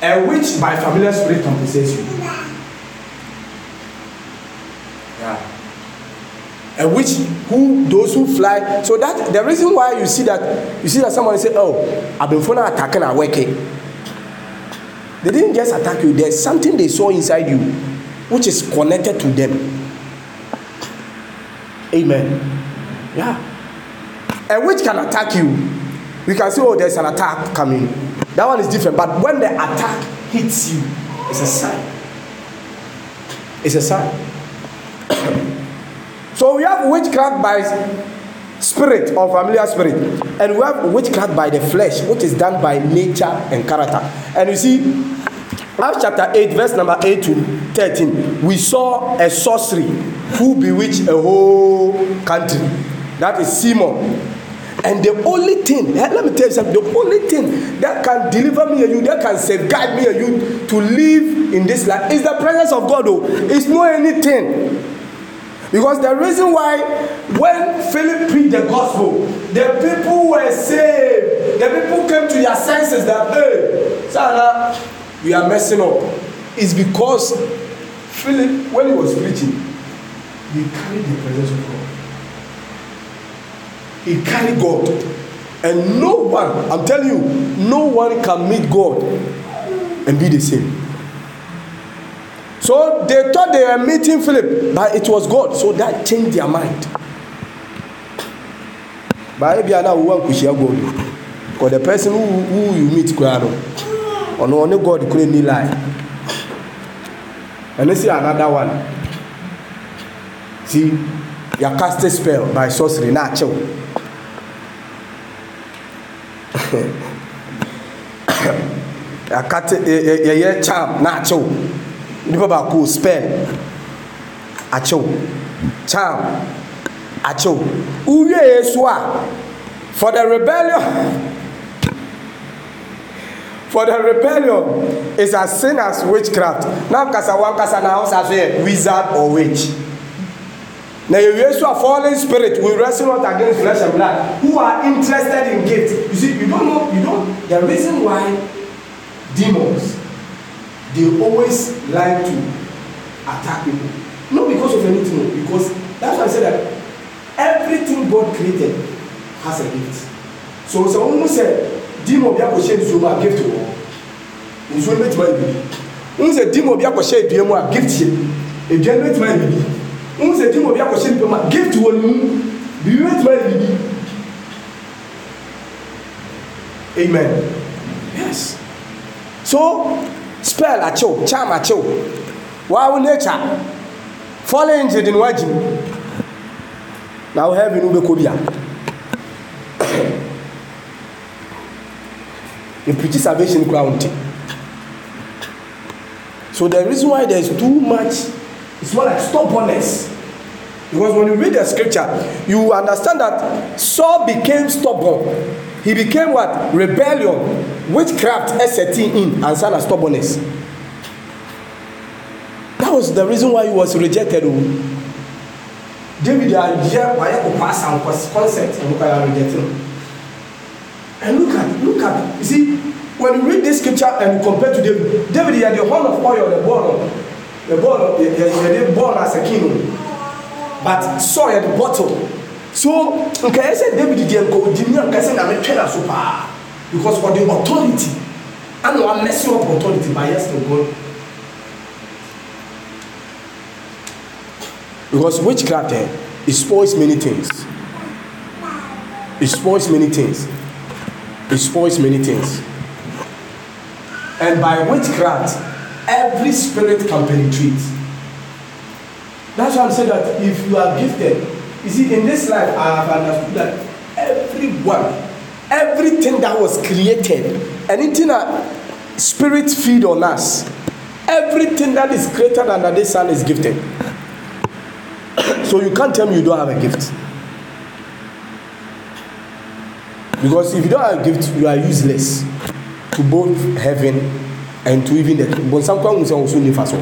[SPEAKER 2] a witch by familiar spirit compensates you. Yeah. A witch who those who fly. So that the reason why you see that you see that someone say, Oh, I've been phone attacking at work. They didn't just attack you, there's something they saw inside you which is connected to them. Amen. Yeah a witch can attack you we can say oh there's an attack coming that one is different but when the attack hits you it's a sign it's a sign so we have witchcraft by spirit or familiar spirit and we have witchcraft by the flesh which is done by nature and character and you see Acts chapter eight, verse number eight to thirteen, we saw a sorcery who bewitched a whole country that is Simon And the only thing, eh, let me tell you something, the only thing that can deliver me and you, that can safeguard me and you to live in this life is the presence of God. Oh, it's not anything. Because the reason why when Philip preached the gospel, the people were saved. The people came to their senses that, hey, Sarah, we are messing up. It's because Philip, when he was preaching, he carried the presence of God. He carried God. And no one, I'm telling you, no one can meet God and be the same. So they thought they were meeting Philip, but it was God. So that changed their mind. But if you are now one kushia God, because the person who, who you meet kwano, or oh, no only God couldn't need lie. And let's see another one. See, you cast a spell by sorcery, not chill. akate yɛyɛ charm na akyew nipa baako o spell akyew charm akyew wuwie yɛ so a for the rebellion for the rebellion is as sin as witchcraft na nkasa wankasa na house affair wizard or witch na yɛwie so a fallen spirit we wrestle not against flesh and blood who are interested in gift you see you don't know you don't the reason why demons dey always like to attack people not because of anything o because that's why i say that everything god created has a gift so sɛ wɔn mu sɛ demon bi akɔhyɛ nsuo mu a gift wɔ nsuo no bɛ When ebi n sɛ demon bi akɔhyɛ edua mu a gift yɛ edua no bɛ tuma ebi n sɛ di ma obi akɔhyɛ nipa ma gift wɔ ne mu bibi bɛ tuma yɛ amen yes so spell akyew charm akyew waawo nature falling engine di ne wagyi mu na wo heaven wo bɛkɔ bia yɛpirikyi salvation crown wo so the reason why there is too much It's more like stubbornness. Because when you read the scripture, you understand that Saul became stubborn. He became what? Rebellion, witchcraft, setting in, and son of stubbornness. That was the reason why he was rejected. Oh. David and Jeff were pass and consent, and look at rejecting. And look at, look at, you see, when you read this scripture and you compare to David, David had the horn of oil, the bottle bɔɔl yɛde bɔɔl asɛkin no but sɔɔ yɛde bɔtɔ so nkɛyɛ sɛ david deɛ nka odi mi anka sɛ na mi twɛ na so paa because for the authority ana wa mɛsi ɔpɔ authority by yes to god because witchcraft eh it spoils many things it spoils many things it spoils many things and by witchcraft. every spirit can penetrate. That's why I'm saying that if you are gifted, you see, in this life, I have understood that everyone, everything that was created, anything that spirit feed on us, everything that is created than this sun is gifted. so you can't tell me you don't have a gift. Because if you don't have a gift, you are useless to both heaven and to even the but bonsam kwan wusa wusu nifa so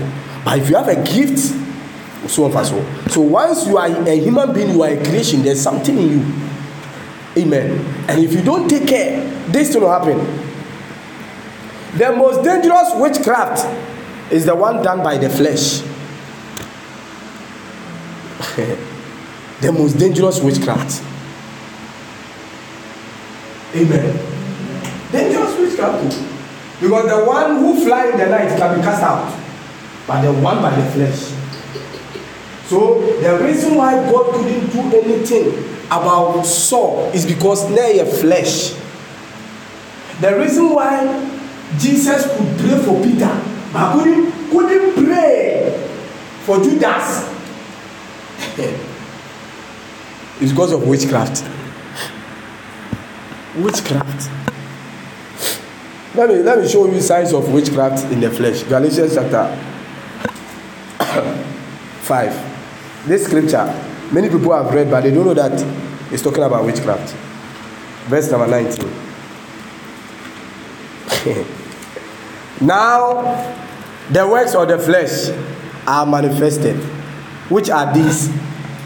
[SPEAKER 2] but if you have a gift wusu nifa so so once you are a human being you are a creation There's something in you amen and if you don't take care this thing will happen the most dangerous witchcraft is the one done by the flesh the most dangerous witchcraft amen dangerous witchcraft too. Because the one who fly in the night can be cast out, but the one by the flesh. So the reason why God couldn't do anything about Saul is because they are flesh. The reason why Jesus could pray for Peter but couldn't, couldn't pray for Judas is because of witchcraft. Witchcraft. Let me, let me show you signs of witchcraft in the flesh. Galatians chapter five. This scripture, many people have read, but they don't know that it's talking about witchcraft. Verse number nineteen. now, the works of the flesh are manifested, which are these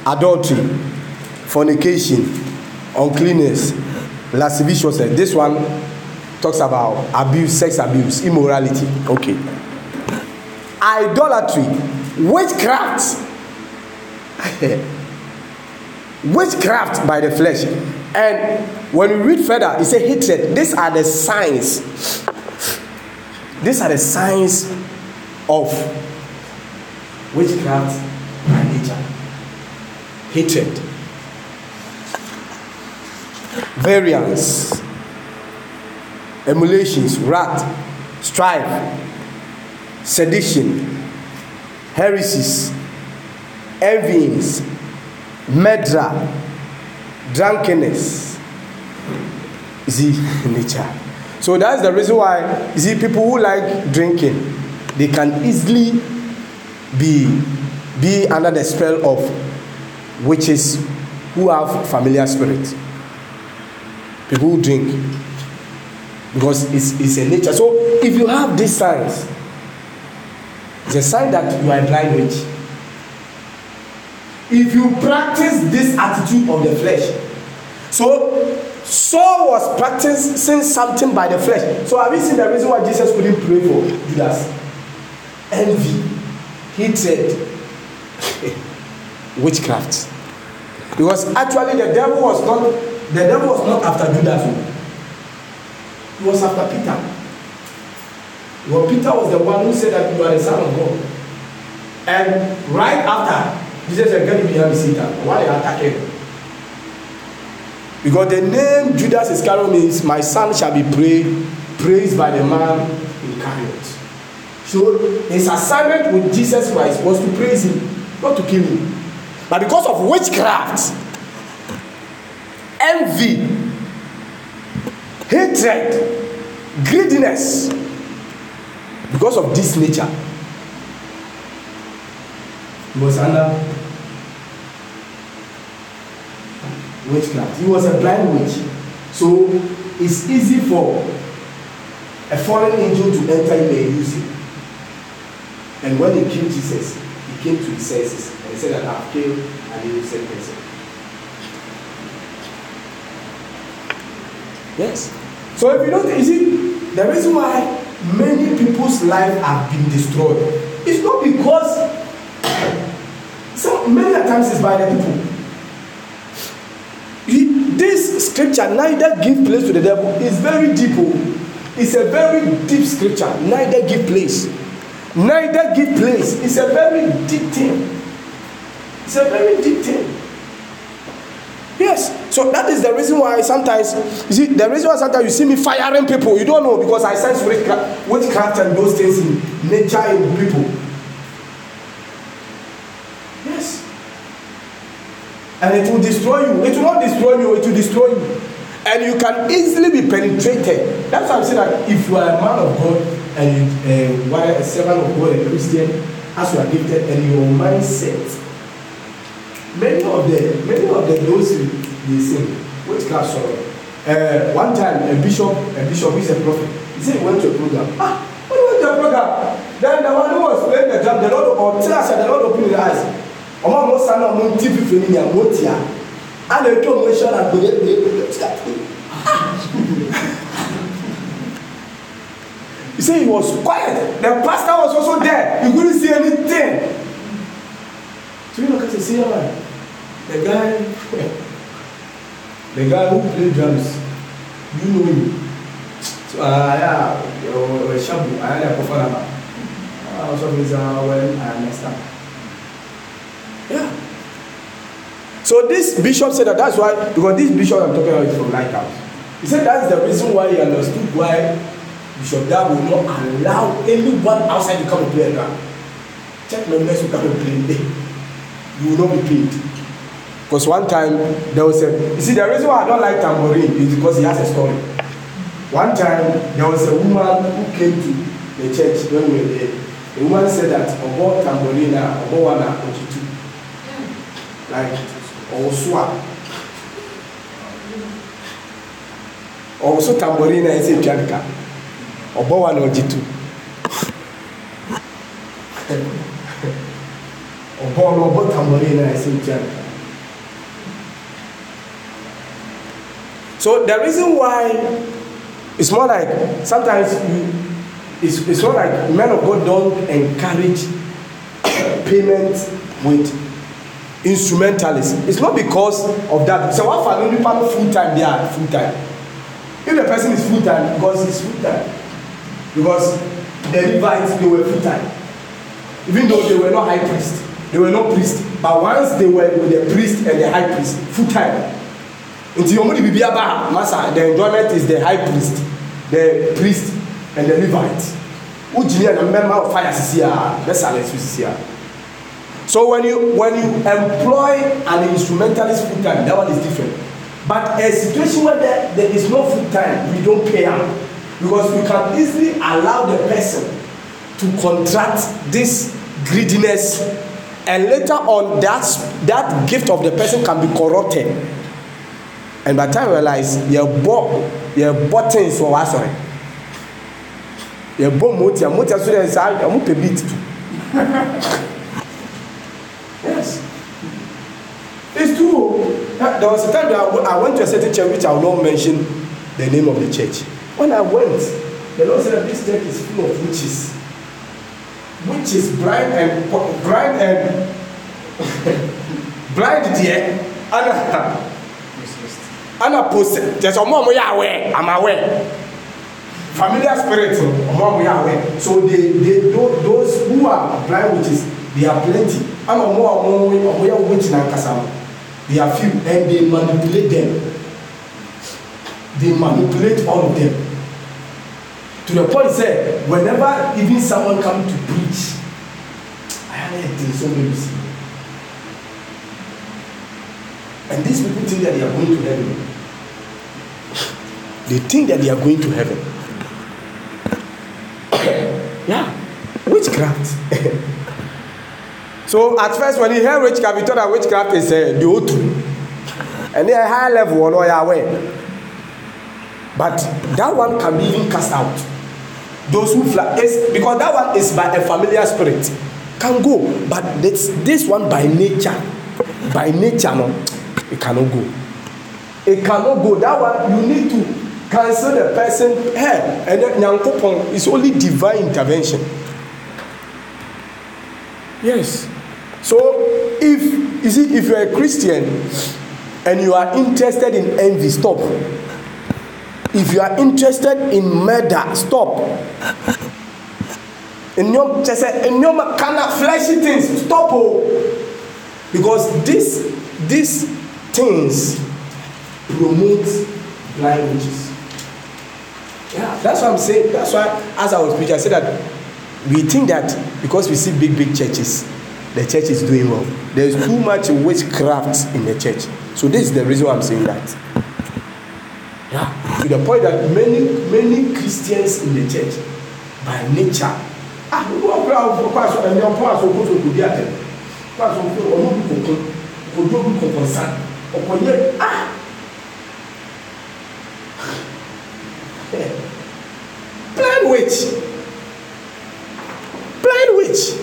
[SPEAKER 2] adultery, fornication, uncleanness, lasciviousness. This one talks about abuse, sex abuse, immorality. Okay. Idolatry, witchcraft. witchcraft by the flesh. And when we read further, it says hatred. These are the signs. These are the signs of witchcraft by nature. Hatred. Variance emulations, wrath, strife, sedition, heresies, envyings, murder, drunkenness. See nature. So that's the reason why see people who like drinking, they can easily be be under the spell of witches who have familiar spirits. People who drink because it's, it's a nature. So if you have these signs, it's a sign that you are a blind witch. If you practice this attitude of the flesh, so Saul was practicing something by the flesh. So have you seen the reason why Jesus couldn't pray for Judas? Envy, hatred, witchcraft. Because actually the devil was not the devil was not after Judas. It was after Peter. Well, Peter was the one who said that you are the son of God. And right after, Jesus said, Get behind me, Satan. Why are you attacking? Because the name Judas Iscariot means, My son shall be pray, praised by the man in Iscariot. So his assignment with Jesus Christ was to praise him, not to kill him. But because of witchcraft, envy, hatred, greediness, because of this nature. He was under witchcraft. He was a blind witch. So it's easy for a fallen angel to enter him and use him. And when he killed Jesus, he came to his senses and he said that I've killed an innocent person. Yes. So if you don't, you see, the reason why many people's lives have been destroyed is not because so many times it's by the people. It, this scripture neither give place to the devil. It's very deep. Oh. It's a very deep scripture. Neither give place. Neither give place. It's a very deep thing. It's a very deep thing. Yes. So that is the reason why sometimes you see the reason why sometimes you see me firing people. You don't know because I sense witchcraft, witchcraft and those things in nature and people. Yes. And it will destroy you. It will not destroy you, it will destroy you. And you can easily be penetrated. That's why I'm saying that if you are a man of God and you uh, eh, are a servant of God a Christian, as you are gifted, and your mindset many of the many of the those dey sing which class sọrọ uh, eh, one time a bishop a bishop who is a prophet he say he went to a program ah when he went to a program then the one who was playing the drum the lord or trash the lord open his eyes ọmọ àwọn ọsàn náà wọn ti fífi ní àwọn tíya a lè tó ọmọ iṣẹ náà gbèrè gbèrè gbèrè tíya he say he was quiet the pastor was also there he couldnt see anything so you know kasi see how i. The guy, the guy who played drums, you know him. So I uh, ah, yeah, oh, oh, eh, shabu, I had a performer. I was always uh, well, I understand. Yeah. So this bishop said that that's why, because this bishop I'm talking about is from Lighthouse. He said that's the reason why he understood why Bishop Dad will not allow anyone outside to come and play a drum. Check members who come and play. You will not be paid. Because one time there was a you see the reason why I don't like tambourine is because he has a story. One time there was a woman who came to the church when we were there. The woman said that ọbọ tambourine na ọbọ wa na otutu like ọwọsọ a ọwọsọ tambourine na ẹsẹ ìtwa nìkan ọbọ wa na otutu ọbọ ọbọ tambourine na ẹsẹ ìtwa So the reason why it's more like sometimes you, it's, it's more like men of God don't encourage payment with instrumentalism. It's not because of that. So what for only people full time they are full time. If the person is full time, because he's full time, because the Levites they were full time, even though they were not high priest, they were not priest. But once they were with the priest and the high priest, full time, nti wɔn de biribi aba masa the enjoyment is the high priest the priest and the levite Who a na mmɛma of fire sisi ah, bɛsa na esu sisi a so when you when you employ an instrumentalist full time that one is different but a situation where there there is no full time we don pay am because we can easily allow the person to contract this greediness and later on that that gift of the person can be corrupted and by the time I realize yɛbɔ yɛbɔ things wɔ w'asɔre yɛbɔ motia motia so de saa ɔmo pɛ bi tutu yes it's true o there was a time that I went to a certain church which I will not mention the name of the church when I went the Lord said this church is full of witches witches blind and blind and blind deɛ ana ana pose kyerɛ sɛ ɔmo a ɔmo yɛ awɛ ama awɛ familiar spirit ɔmo a ɔmo yɛ so they they do, those who are blind witches they are plenty ana ɔmo a ɔmo ɔmo yɛ witch na nkasa no they are few and they manipulate them they manipulate all of them to the point say whenever even someone come to preach i hear it in so many people and these people think that they are going to heaven They think that they are going to heaven. yeah, witchcraft. so at first when you hear witchcraft, you thought that witchcraft is uh, the old truth. And they are high level or you are aware. But that one can be even cast out. Those who fly, is, because that one is by a familiar spirit, can go. But this, this one by nature, by nature, no, it cannot go. It cannot go. That one, you need to cancel the person hair and then nyankopɔn is only divine intervention yes so if you see if you are a christian and you are interested in envy stop if you are interested in murder stop enyom kyɛ sɛ enyom kana fleshy things stop o oh. because these these things promote blind witches. Yeah, that's what I'm saying. That's why, as I was preaching, I said that we think that because we see big, big churches, the church is doing well. There's too much witchcraft in the church. So this is the reason why I'm saying that. Yeah. To the point that many, many Christians in the church, by nature, ah, wọ́n kúrò àwọn ọkọ aṣọ ẹ̀mí ọkọ aṣọ kó tó kò bí àtẹ̀. Kó aṣọ kó ọmọ kò kó kó dókòkò ah. blind witch blind witch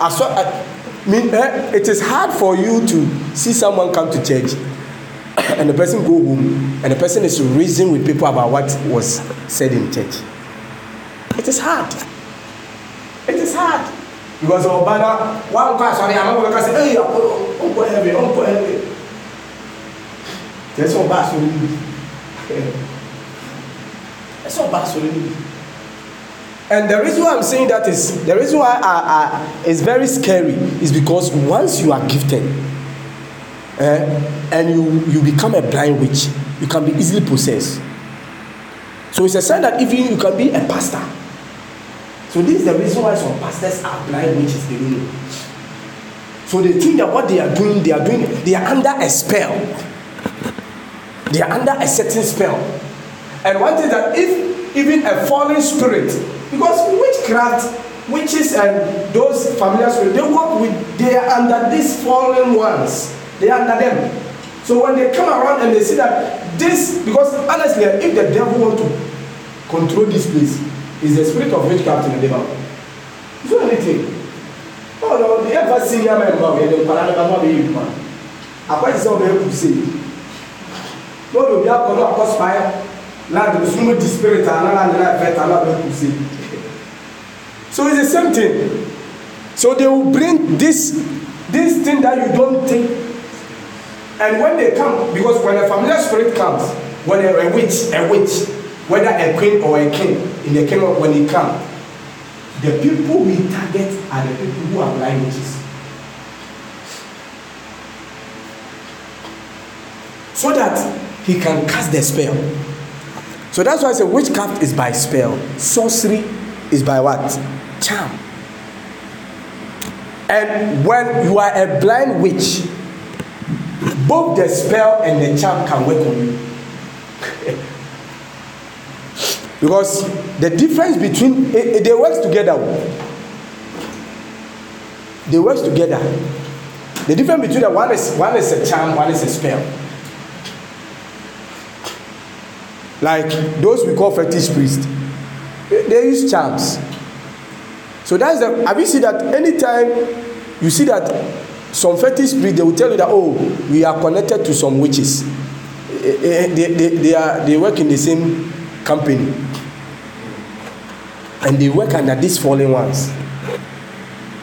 [SPEAKER 2] as well I mean eh, it is hard for you to see someone come to church and the person go home and the person is to reason with people about what was said in church it is hard it is hard because of bada one class ọ̀rẹ́ àwọn ọmọ kan say hey ọkọ ọkọ ẹ̀mí ọkọ ẹ̀mí tẹ̀sán ọba àṣọ níbi ẹ̀sán ọba àṣọ níbi. And the reason why I'm saying that is the reason why I, I, it's very scary is because once you are gifted eh, and you, you become a blind witch, you can be easily possessed. So it's a sign that even you can be a pastor. So this is the reason why some pastors are blind witches, they don't know. So they think that what they are doing, they are doing, they are under a spell. They are under a certain spell. And one thing that if even a fallen spirit because witchcraft witches and those familiars, spirits they work with they are under these fallen ones they are under them so when they come around and they see that this because honestly if the devil want to control this place is the spirit of witchcraft in the devil. it's not anything oh no the ever senior man ma yẹ de nkwadaa nípa ma bẹ yẹ ìdùnnà àpẹẹrẹ sẹ no, ẹkù sè lọ́dọ̀ bí akọ̀dọ̀ akọ̀sọ̀ ayẹ the sunmu di spirit àná láti náà fẹ́ tà náà bẹ ẹkù sè. So it's the same thing. So they will bring this this thing that you don't take. And when they come, because when a familiar spirit comes, when a, a witch, a witch, whether a queen or a king, in the kingdom, when he comes, the people we target are the people who are blind witches. So that he can cast the spell. So that's why I say witchcraft is by spell, sorcery is by what? charm. And when you are a blind witch, both the spell and the charm can work on you. because the difference between they work together. They work together. The difference between the one is one is a charm, one is a spell. Like those we call fetish priests, they use charms. So that's the. Have you seen that anytime you see that some fetish spirit they will tell you that oh we are connected to some witches eh, eh, eh, they, they, they, are, they work in the same company and they work under these fallen ones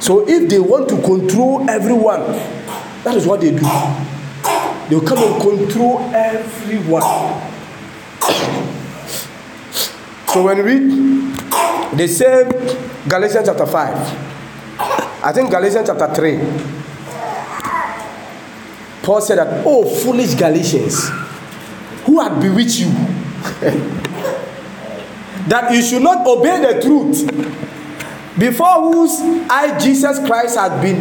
[SPEAKER 2] so if they want to control everyone that is what they do they will come and control everyone so when we read the same Galatians chapter 5. I think Galatians chapter 3. Paul said that, Oh, foolish Galatians, who had bewitched you? that you should not obey the truth, before whose eye Jesus Christ, had been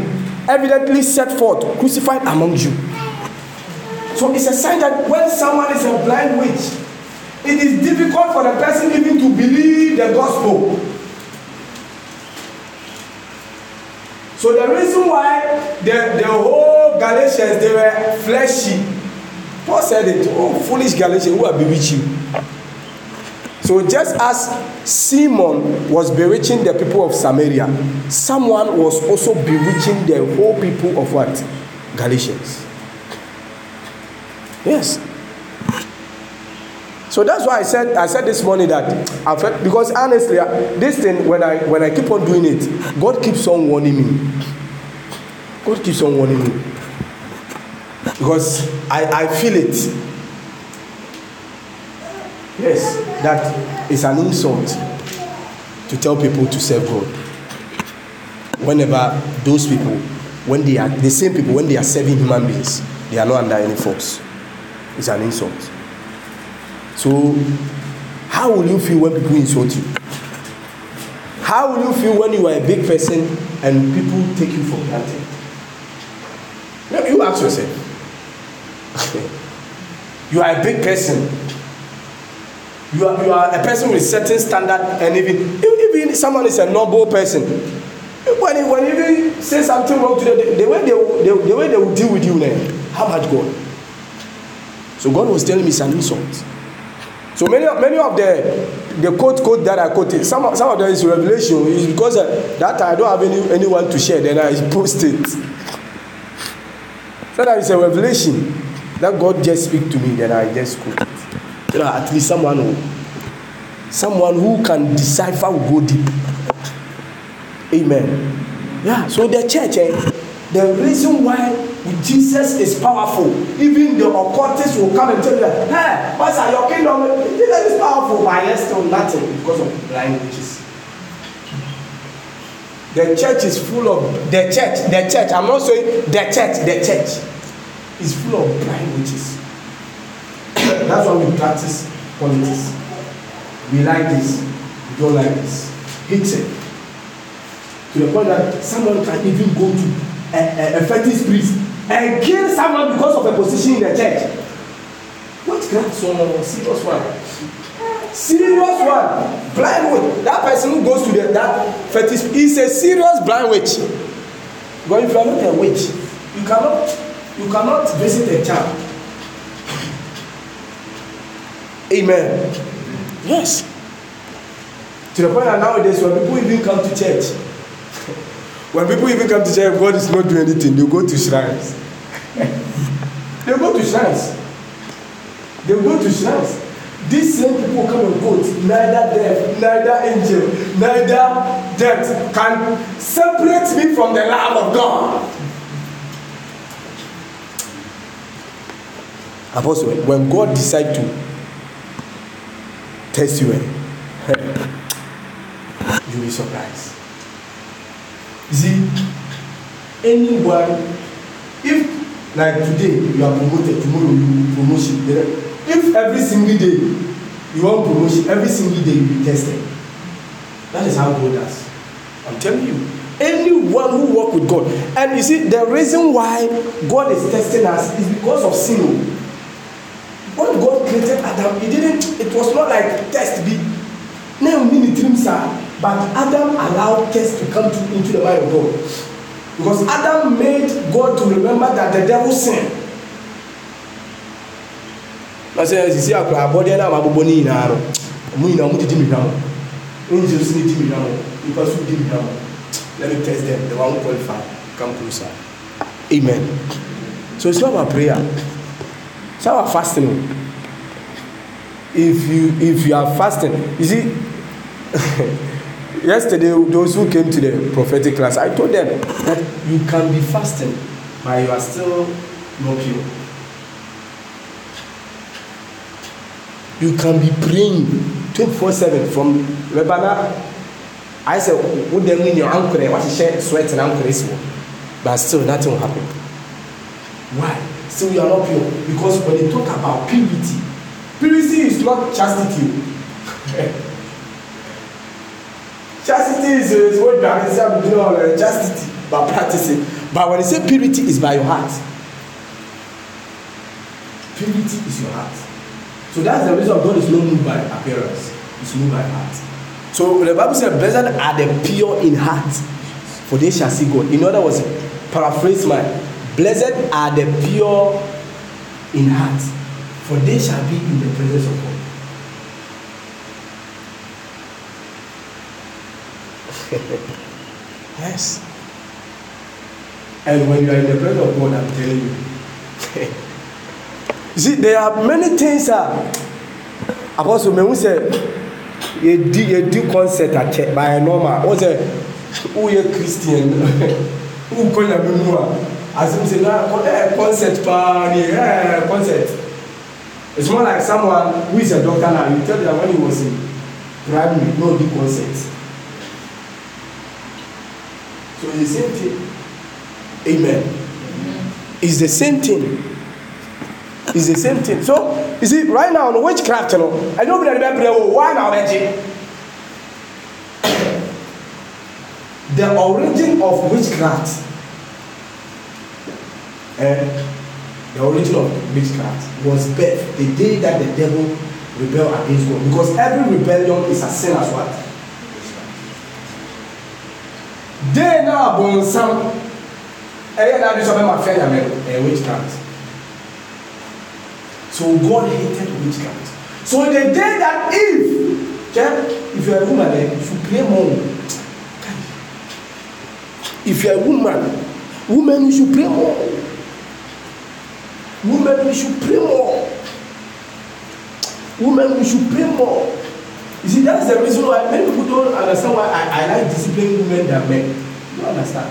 [SPEAKER 2] evidently set forth, crucified among you. So it's a sign that when someone is a blind witch, it is difficult for the person even to believe the gospel So the reason why the, the whole Galatians, they were fleshy. Paul said it, oh, foolish Galatians, who are bewitching. So just as Simon was bewitching the people of Samaria, someone was also bewitching the whole people of what? Galatians. Yes. So that's why I said I said this morning that I felt because honestly uh, this thing when I when I keep on doing it, God keeps on warning me. God keeps on warning me because I I feel it. Yes, that is an insult to tell people to serve God. Whenever those people, when they are the same people, when they are serving human beings, they are not under any force. It's an insult. So, how will you feel when people insult you? How will you feel when you are a big person and people take you for granted? No, you ask yourself. you are a big person. You are, you are a person with certain standard and even even someone is a noble person. When he, when even say something wrong to them, the, the way they, the, the way they will deal with you now, how much God? So God was telling me some insults. So many of, many of the the quote quote that I quoted, some some of them is revelation. is because uh, that I don't have any anyone to share. Then I post it. So that is a revelation that God just speak to me. Then I just quote it. You know, at least someone who someone who can decipher will go deep. Amen. Yeah. So the church. Eh, The reason why Jesus is powerful, even the occultists will come and tell you, hey, what's Pastor, your kingdom Jesus is powerful, but yet still nothing because of blind witches. The church is full of the church, the church. I'm not saying the church, the church is full of blind witches. That's why we practice politics. We like this, we don't like this. Hate it To the point that someone can even go to a, eh, a, eh, a fetish priest and kill someone because of a position in the church What witchcraft of a serious one serious one blind witch that person who goes to the that fetish is a serious blind witch but if you are not a witch you cannot you cannot visit a child amen yes to the point that nowadays when people even come to church When people even come to church, God is not doing anything. They go to shrines. they go to shrines. They go to shrines. These same people come and quote, neither death, neither angel, neither death can separate me from the love of God. Apostle, when God decides to test you, you will be surprised. You see, anyone, if like today you are promoted, tomorrow you will promotion, if every single day you want promotion, every single day you will be tested. That is how God does. I'm telling you. Anyone who work with God, and you see, the reason why God is testing us is because of sin. When God created Adam, He didn't. It was not like test be. Now, we need to But Adam allowed tests to come to, into the mind of God. Because Adam made God to remember that the devil sinned. na sɛ sisi akora abɔdeɛ no a mabobɔ no nyinaa no ɔmo nyinaa ɔmo didi mihwa mo angels ne di mihwa mo nipa so di mihwa mo let me test them the one who qualify come closer amen so it's not about prayer it's not about fasting if you if you are fasting you see yesterday those who came to the prophetic class i told them that you can be fasting but you are still not pure you can be praying twenty four seven from remember na i say wo dem in your anchor wahyehyɛ sweat na anchor esi wɔ but still nothing will happen why still you are not pure because when they talk about purity purity is not chastity chastity is eh, is wey dare say i'm doing all uh, chastity by practicing but when you say purity is by your heart purity is your heart so that's the reason god is not moved by appearance he's moved by heart so the bible says blessed are the pure in heart for they shall see god in other words paraphrase my blessed are the pure in heart for they shall be in the presence of god yes. And when you are in the presence of God, I'm telling you. you see, there are many things that Apostle Mehu said, yɛdi yɛdi concert akyɛ by normal wɔn sɛ woyɛ christian wokɔ nyame mu a As sɛ say, ɛɛ eh, concert party, ne eh, concert it's more like someone who is a doctor now you tell them when he was in primary no be concert. So it's the same thing. Amen. Amen. It's the same thing. It's the same thing. So you see, right now on witchcraft, you know, I don't believe that prayer. Oh, why now, The origin of witchcraft. Eh, the origin of witchcraft was birth, the day that the devil rebelled against God. Because every rebellion is as sin as well dee na abonsam ɛyɛ n'adi sɔ bɛma fɛn yamɛ ɛyɛ eh, witchcraft so God hated witchcraft so the day that Eve kɛ if you are a woman eh you should pray more if you are a woman woman you should pray more woman you should pray more woman you should pray more. You see, that's the reason why many people don't understand why I, I like disciplining women than men. You understand.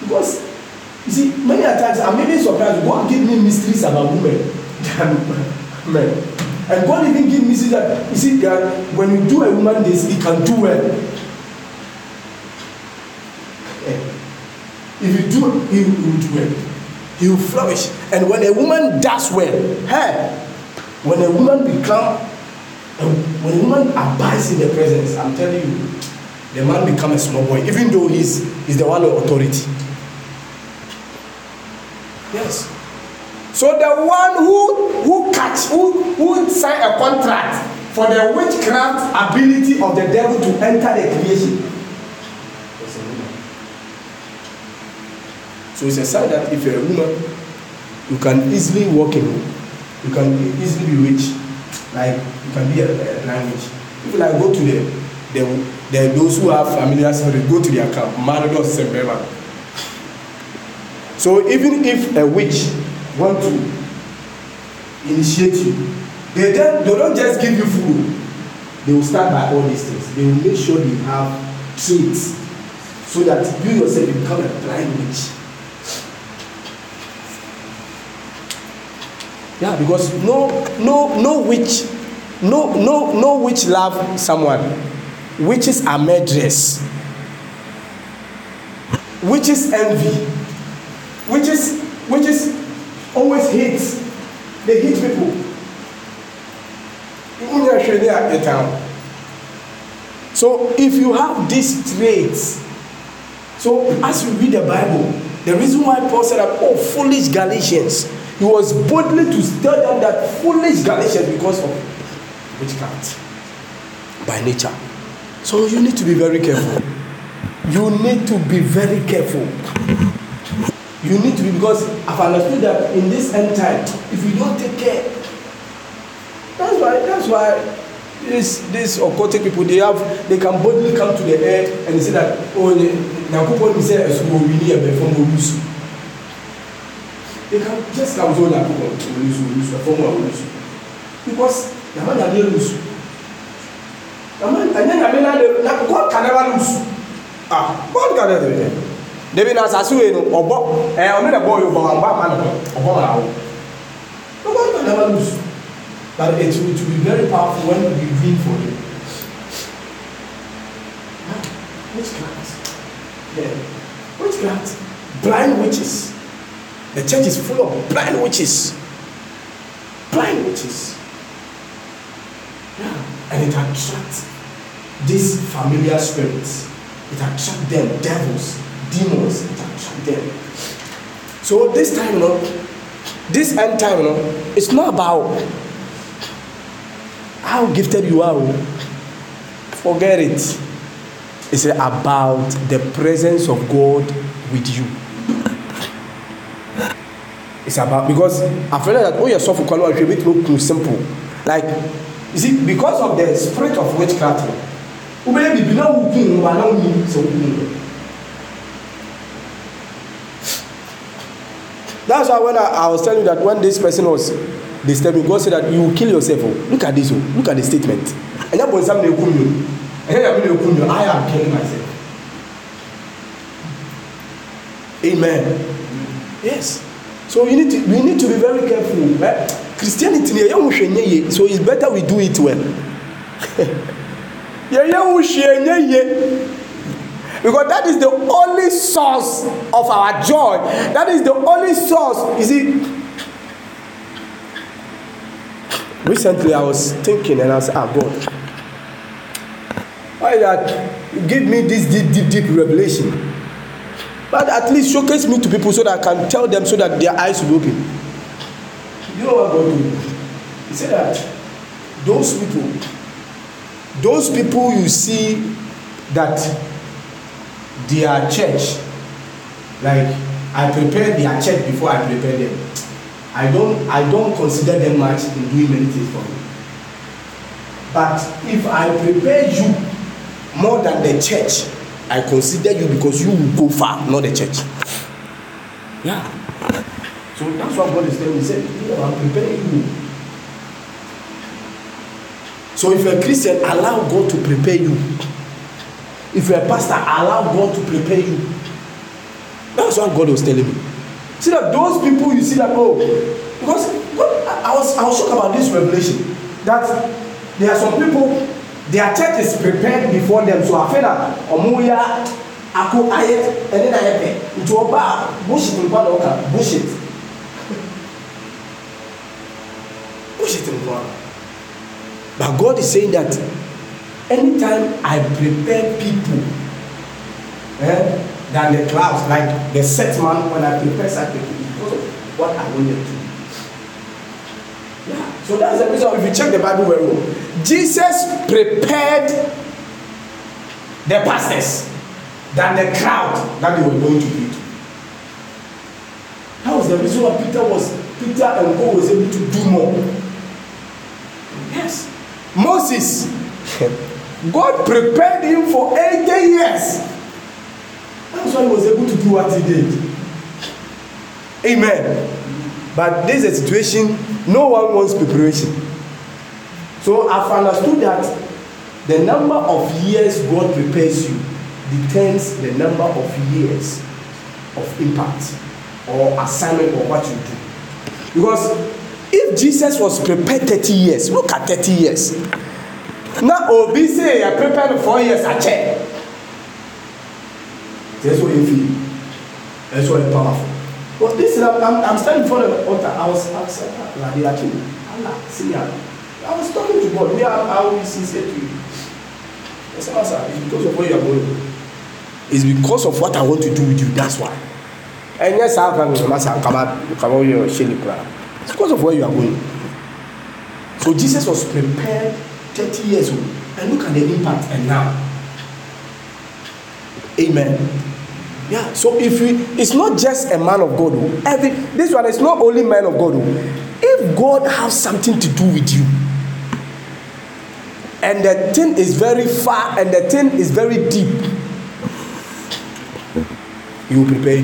[SPEAKER 2] Because, you see, many times I'm even surprised. God gave me mysteries about women than men. And God even gave me that, you see, that when you do a woman this, it can do well. Eh. If you do, he will do well. He will flourish. And when a woman does well, hey, when a woman becomes And when a woman abides in the presence, I'm telling you, the man becomes a small boy, even though he's, he's the one of authority. Yes. So the one who who catch who who sign a contract for the witchcraft ability of the devil to enter the creation. So it's a sign that if you're a woman, you can easily walk in, you can easily be rich, like You can be a, language. Even I go to the, the, the those who have familiar spirit, go to their camp, Manados St. Bevan. So even if a witch want to initiate you, they don't, they don't just give you food. They will start by all these things. They will make sure you have traits so that you yourself become a blind witch. Yeah, because no, no, no witch no no no which love someone which is a are which is envy which is always hate they hate people so if you have these traits so as you read the bible the reason why paul said that oh foolish galatians he was boldly to tell them that foolish galatians because of witchcraft by nature. So you need to be very careful. You need to be very careful. You need to be because I've understood that in this end time, if you don't take care, that's why that's why these these occultic people they have they can boldly come to the earth and they say that oh nyakubo is sẹ ẹsùn omi ní ẹbẹ fún mi olùsù they can just come to nyakubo olùsù olùsù ẹfọ mu olùsù because. na ma nyame lusu na ma ɛnyɛ nyame na never lose ah god ka never lose debi na asase wei no ɔbɔ ɛɛ ɔno na bɔɔl yɛ ɔbɔ ɔbɔ ama no ɔbɔ ma awo no god ka lose but it will to be very powerful when we win for him ah, which grant yeah which grant blind witches the church is full of blind witches blind witches. And it attracts these familiar spirits. It attracts them, devils, demons, it attracts them. So this time, you know, this end time, you know, it's not about how gifted you are. Oh. Forget it. It's about the presence of God with you. It's about because I feel like that oh yeah, so for color, it's a bit too simple. Like You see, because of the spirit of witchcraft, wobɛyɛ bibi na wokun wo ma na wonim sɛ wokun wo. That's why when I, I was telling you that when this person was disturbing, God said that you will kill yourself. Oh, look at this. Oh, look at the statement. Ẹ̀yẹ́ bọ̀ nsàm na ekun mi. Ẹ̀yẹ́ yàrá mi na ekun mi. I am killing myself. Amen. Yes. So you need to, we need to be very careful. Eh? christianity ni yɛyɛ nhwɛ nyɛ yie so it's better we do it well yɛyɛ nhwɛ nyɛ yie because that is the only source of our joy that is the only source you see recently i was thinking and i said ah god why that give me this deep deep deep revelation but at least showcase me to people so that i can tell them so that their eyes will open You know what God did? He said that those people, those people you see that their church, like I prepared their church before I prepared them. I don't I don't consider them much in doing many things for me. But if I prepare you more than the church, I consider you because you will go far, not the church. Yeah. So that's what God is telling me. He said, no, I'm preparing you. So if you're a Christian, allow God to prepare you. If you're a pastor, allow God to prepare you. That's what God was telling me. See that those people you see that oh, because God, I was I was shocked about this revelation that there are some people their church is prepared before them so I feel that Omuya akọ Ayet ẹni na ayẹ pẹ nti ọba bushit nípa na ọka But God is saying that anytime I prepare people eh, than the class, like the set man when I prepare something because of what I want them to yeah. So that's the reason if you check the Bible very well. Jesus prepared the pastors than the crowd that they were going to lead. That was the reason why Peter was Peter and Paul was able to do more. Yes. Moses, God prepared him for 80 years. That's why he was able to do what he did. Amen. But this is a situation, no one wants preparation. So I've understood that the number of years God prepares you determines the number of years of impact or assignment or what you do. Because if jesus was prepared thirty years look at thirty years na obi say i prepare four years That's why jesu feel. That's why oye powerful but this na i'm i'm standing for the altar i was outside ah, ladi akim allah see ya i was talking to god Where i i be sincere to you i say sir. it's because of where you are going it's because of what i want to do with you that's why ɛnyɛ saa kan masa kaba kaba oyɛ ɔhyɛ nipa. It's because of where you are going. So Jesus was prepared 30 years ago, And look at the impact and now. Amen. Yeah. So if we, it's not just a man of God, oh. every this one is not only man of God. Oh. If God has something to do with you, and the thing is very far and the thing is very deep, you prepare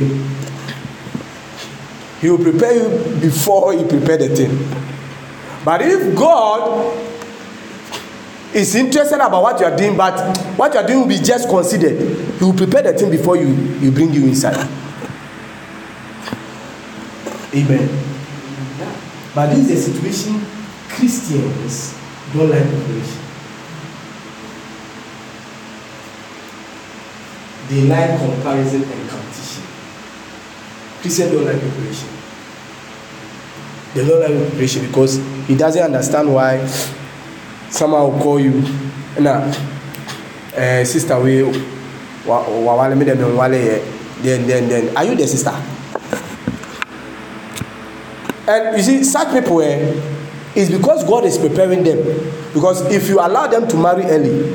[SPEAKER 2] He will prepare you before He prepare the thing. But if God is interested about what you are doing, but what you are doing will be just considered, He will prepare the thing before you, He bring you inside. Amen. But this is a situation Christians don't like preparation. They like comparison and competition. Christians don't like preparation they don't let me preach because he doesn't understand why someone will call you na uh, eh, sister wey wa wa wale mi dem dem wale yɛ then then then are you the sister and you see such people eh is because God is preparing them because if you allow them to marry early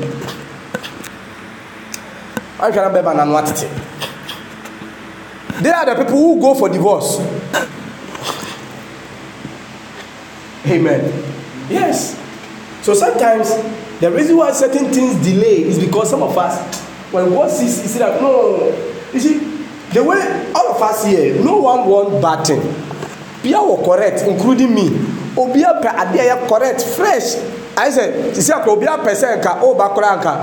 [SPEAKER 2] they are the people who go for divorce Amen. Yes. So sometimes the reason why certain things delay is because some of us, when God sees, he said that no, you see, the way all of us here, no one want bad thing. Bia were correct, including me. Obia pe adeɛ correct, fresh. I said, sisi akɔ obia pɛ sɛ nka o ba kora nka.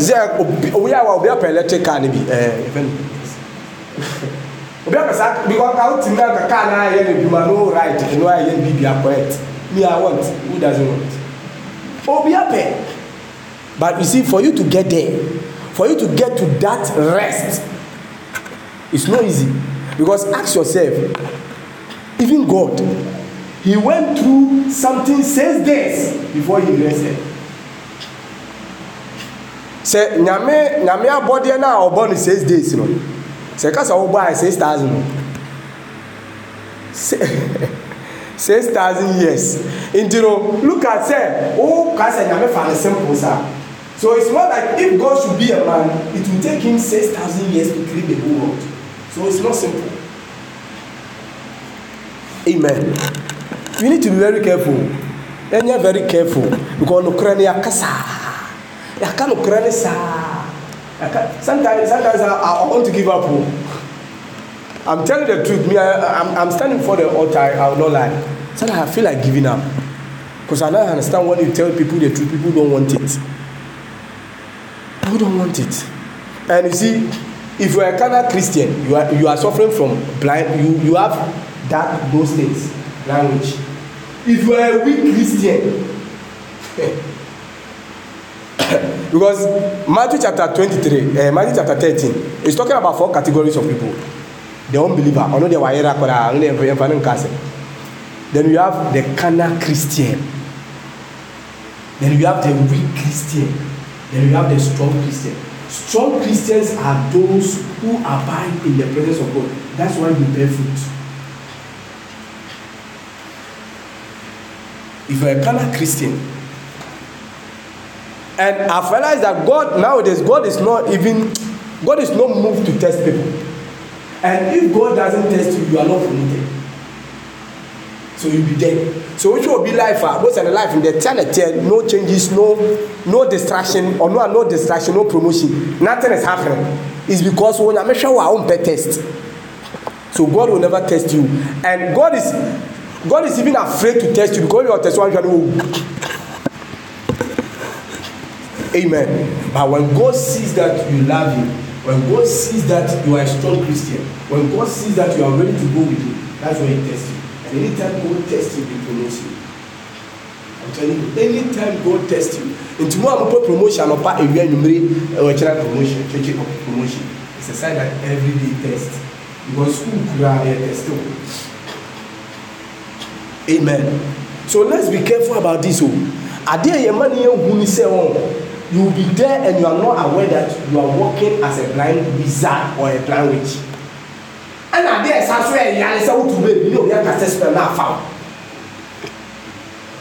[SPEAKER 2] Sisi obia wa obia pɛ electric car ni bi. Ɛɛ eh, obi a pɛsɛ because ka o ti na ka kaa na ayɛ no dwuma no right no ayɛ bibi correct me i want who doesn't want obi a pɛ but you see for you to get there for you to get to that rest it's no easy because ask yourself even god he went through something six days before he rested sɛ nyame nyame abɔdeɛ no a ɔbɔ no six days you no know? sɛ kasa wo bɔ a e six thousand six thousand years nti no look at sɛ wo ka sɛ nyame fa ne simple sa so it's not like if God should be a man it will take him six thousand years to create the whole world so it's not simple amen we need to be very careful ɛnyɛ very careful because nukura ni yakasa yaka nukura ni saa sometimes sometimes I, I want to give up. Oh. I'm telling the truth. Me, I, I'm, I'm standing for the altar. I will not lie. Sometimes I feel like giving up because I don't understand when you tell people the truth. People don't want it. People don't want it. And you see, if you are a carnal Christian, you are you are suffering from blind. You you have that those things language. If you are a weak Christian. because Matthew chapter 23, uh, eh, Matthew chapter 13 is talking about four categories of people. The unbeliever, I ono de wayera kora, ono de emfano nkase. Then you have the carnal Christian. Then you have the weak Christian. Then you have the strong Christian. Strong Christians are those who abide in the presence of God. That's why we bear fruit. If you're a carnal Christian, and I realize that God nowadays God is not even God is not moved to test people and if God doesn't test you you are not promoted so you be dead so which will be life ah most of the life in the ten and ten no changes no no distraction or no no distraction no promotion nothing is happening it's because sure wa own pet test so God will never test you and God is God is even afraid to test you because your test one you are no. Amen. But when God sees that you love Him, when God sees that you are a strong Christian, when God sees that you are ready to go with Him, that's when He tests you. And anytime God tests you, He promotes you. I'm telling you, anytime God tests you, nti mu a mo pɛ promotion ɔpa ewia nwumire ɛwɔ promotion kyekye ɔpɛ promotion it's a sign that everyday test because who could kura yɛ test amen so let's be careful about this o oh. adeɛ yɛn mma ni yɛn hu ni sɛ you be there and you are not aware that you are working as a blind wizard or a blind witch ɛna adi ɛsa so yɛ yare sɛ wotu beebi ne obi akasa spell na afa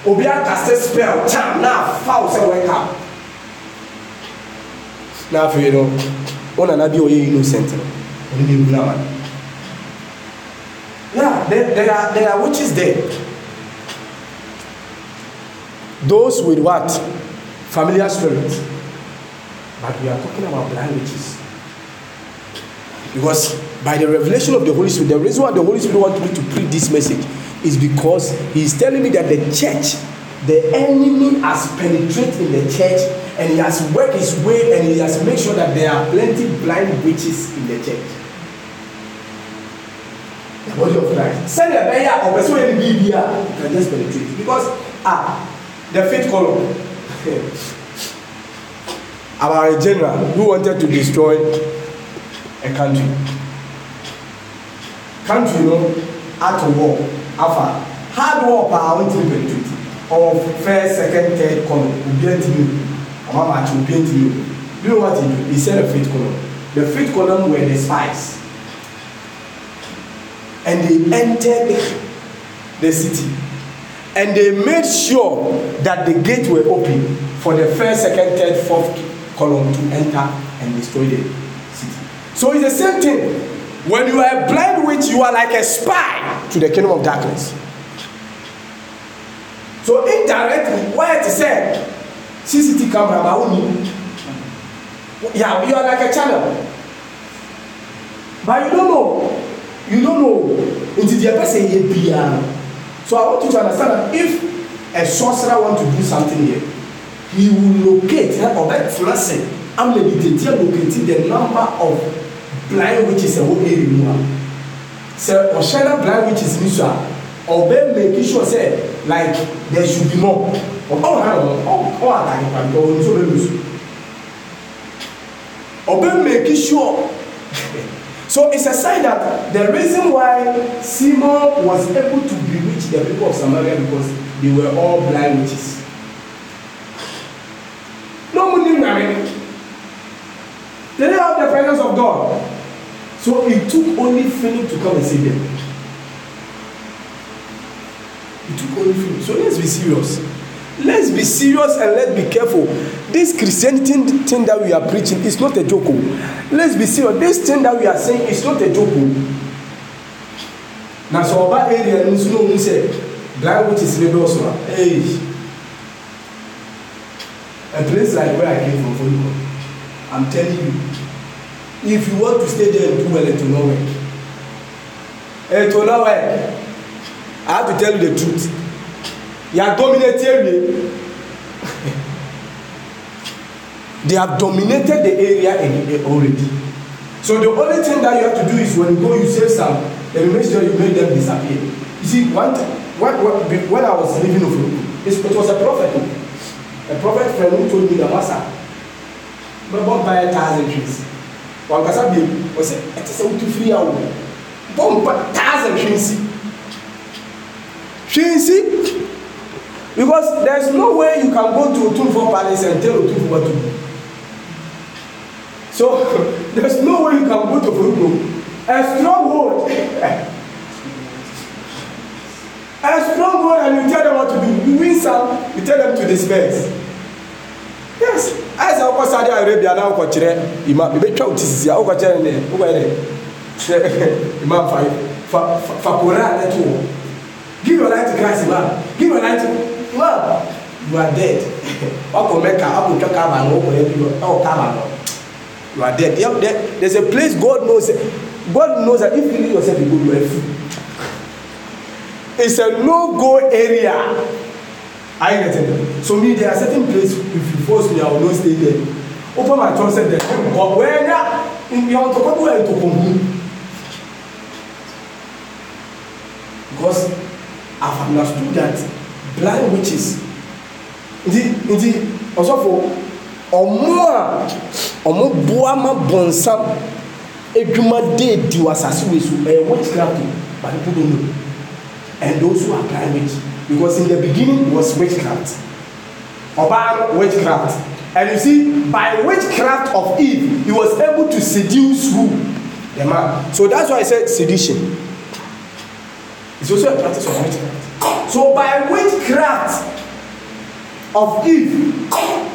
[SPEAKER 2] obi akasa spell charm na afa sɛ wɔka na afei no wɔn oh, nana bi a oh, ɔyɛ innocent no ɔno bi wura yeah there there are there are witches there those with what familiar spirit. But we are talking about blind witches. Because by the revelation of the Holy Spirit, the reason why the Holy Spirit wants me to preach this message is because He is telling me that the church, the enemy has penetrated in the church and he has worked his way and he has made sure that there are plenty blind witches in the church. The body of Christ. Send a prayer or person will be here. You can just penetrate. Because ah, the faith column about a general who wanted to destroy a country. Country, you know, at war, afa hard war paa wọn ti bẹ̀rẹ̀ tuntun ọwọ first second third kọlọ obi ẹn ti mi ọmọ maa ti obi ẹn ti mi do you know what he do he sell the faith column the faith column were the spies and they entered the city and they made sure that the gates were open for the first, second, third, fourth column to enter and destroy the city. So it's the same thing. When you are a blind witch, you are like a spy to the kingdom of darkness. So indirectly, where it said, CCT camera, my own. Yeah, you are like a channel. But you don't know. You don't know. Until the person is here. So I want you to understand that if a sorcerer want to do something here, he will locate or that blessing. I'm going meditating locating the number of blind witches and what they So, ɔhyɛ na blind witches ni so a ɔbɛ make sure sɛ like there should be more Oh, ɔwɔ ha ɔwɔ ɔwɔ atake pampa ɔwɔ nso bɛ Or ɔbɛ making sure. So it's a sign that the reason why Simon was able to bewitch the people of Samaria because they were all blind witches. No one knew They didn't have the presence of God. So it took only Philip to come and save them. It took only Philip. So let's be serious let's be serious and let's be careful this christianity thing, that we are preaching is not a joke o let's be serious this thing that we are saying is not a joke o na sọ ọba area nso na ohun sẹ blind which is dọọso a hey a place like where i came from for you i'm telling you if you want to stay there and do well eto no work eto no work i have to tell you the truth They are dominating They have dominated the area already. So the only thing that you have to do is when you go, you save some, and make sure you make them disappear. You see, one time, when, when I was living in it was a prophet, a prophet friend who told me that master, my boy buy a thousand trees. One person be, I said, I just want to free out. Bomb, thousand trees. Trees because there's no way you can go to Otunfo Palace and tell Otunfo what to do. So there's no way you can go to Otunfo. A stronghold. a stronghold and you tell them what to do. You win some, you tell them to disperse. Yes. As our Saudi Arabia now for Chile, Imam, you may try to see how much I am there. Imam Fakura, that's all. Give your life to Christ, Imam. Give your life to well you are dead ọkọ mẹka ọkọ twẹ kaaba no ọkọ yẹ bi ọkọ kaaba no
[SPEAKER 1] you are dead yep there
[SPEAKER 2] there's a place God knows God knows that if you leave yourself you go to it's a no go area are you getting me so me there are certain places if you force me I will not stay there open my closet there but where na ìyàwó tó kọ́ bí wọ́n ètò kò mú because I have understood that blind witches nti nti ɔsɔfo ɔmo a ɔmo boa ma bɔnsam edwuma de di wɔ asase wei so eh, ɛyɛ witchcraft but people don't know and those who are blind witch because in the beginning was witchcraft ɔbaa witchcraft and you see by witchcraft of eve he was able to seduce who the man so that's why i said sedition. it's also a practice of witchcraft So by witchcraft of Eve,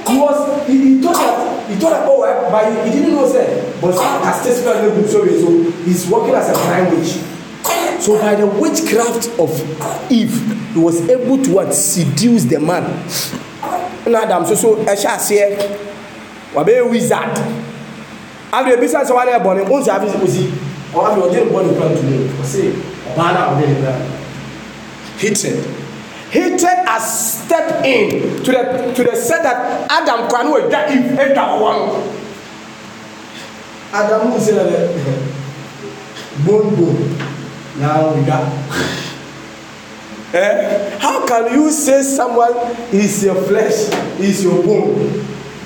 [SPEAKER 2] he was he, he thought that he thought that oh well, but he, he didn't know say, but as a spell no good sorry so he's working as a blind witch. So by the witchcraft of Eve, he was able to what seduce the man. Na Adam so so ɛhyɛ aseɛ wabɛyɛ wizard. After the business wa ne bɔ ne nso afi osi ɔwɔ afi ɔde ne bɔ ne kura tunu ɔsi ɔbaa na ɔde ne kura tunu hatred. Hatred has stepped in to the to the set that Adam can wait. That if one Adam Adamu sẹ that bone bone now we got Eh, how can you say someone is your flesh is your bone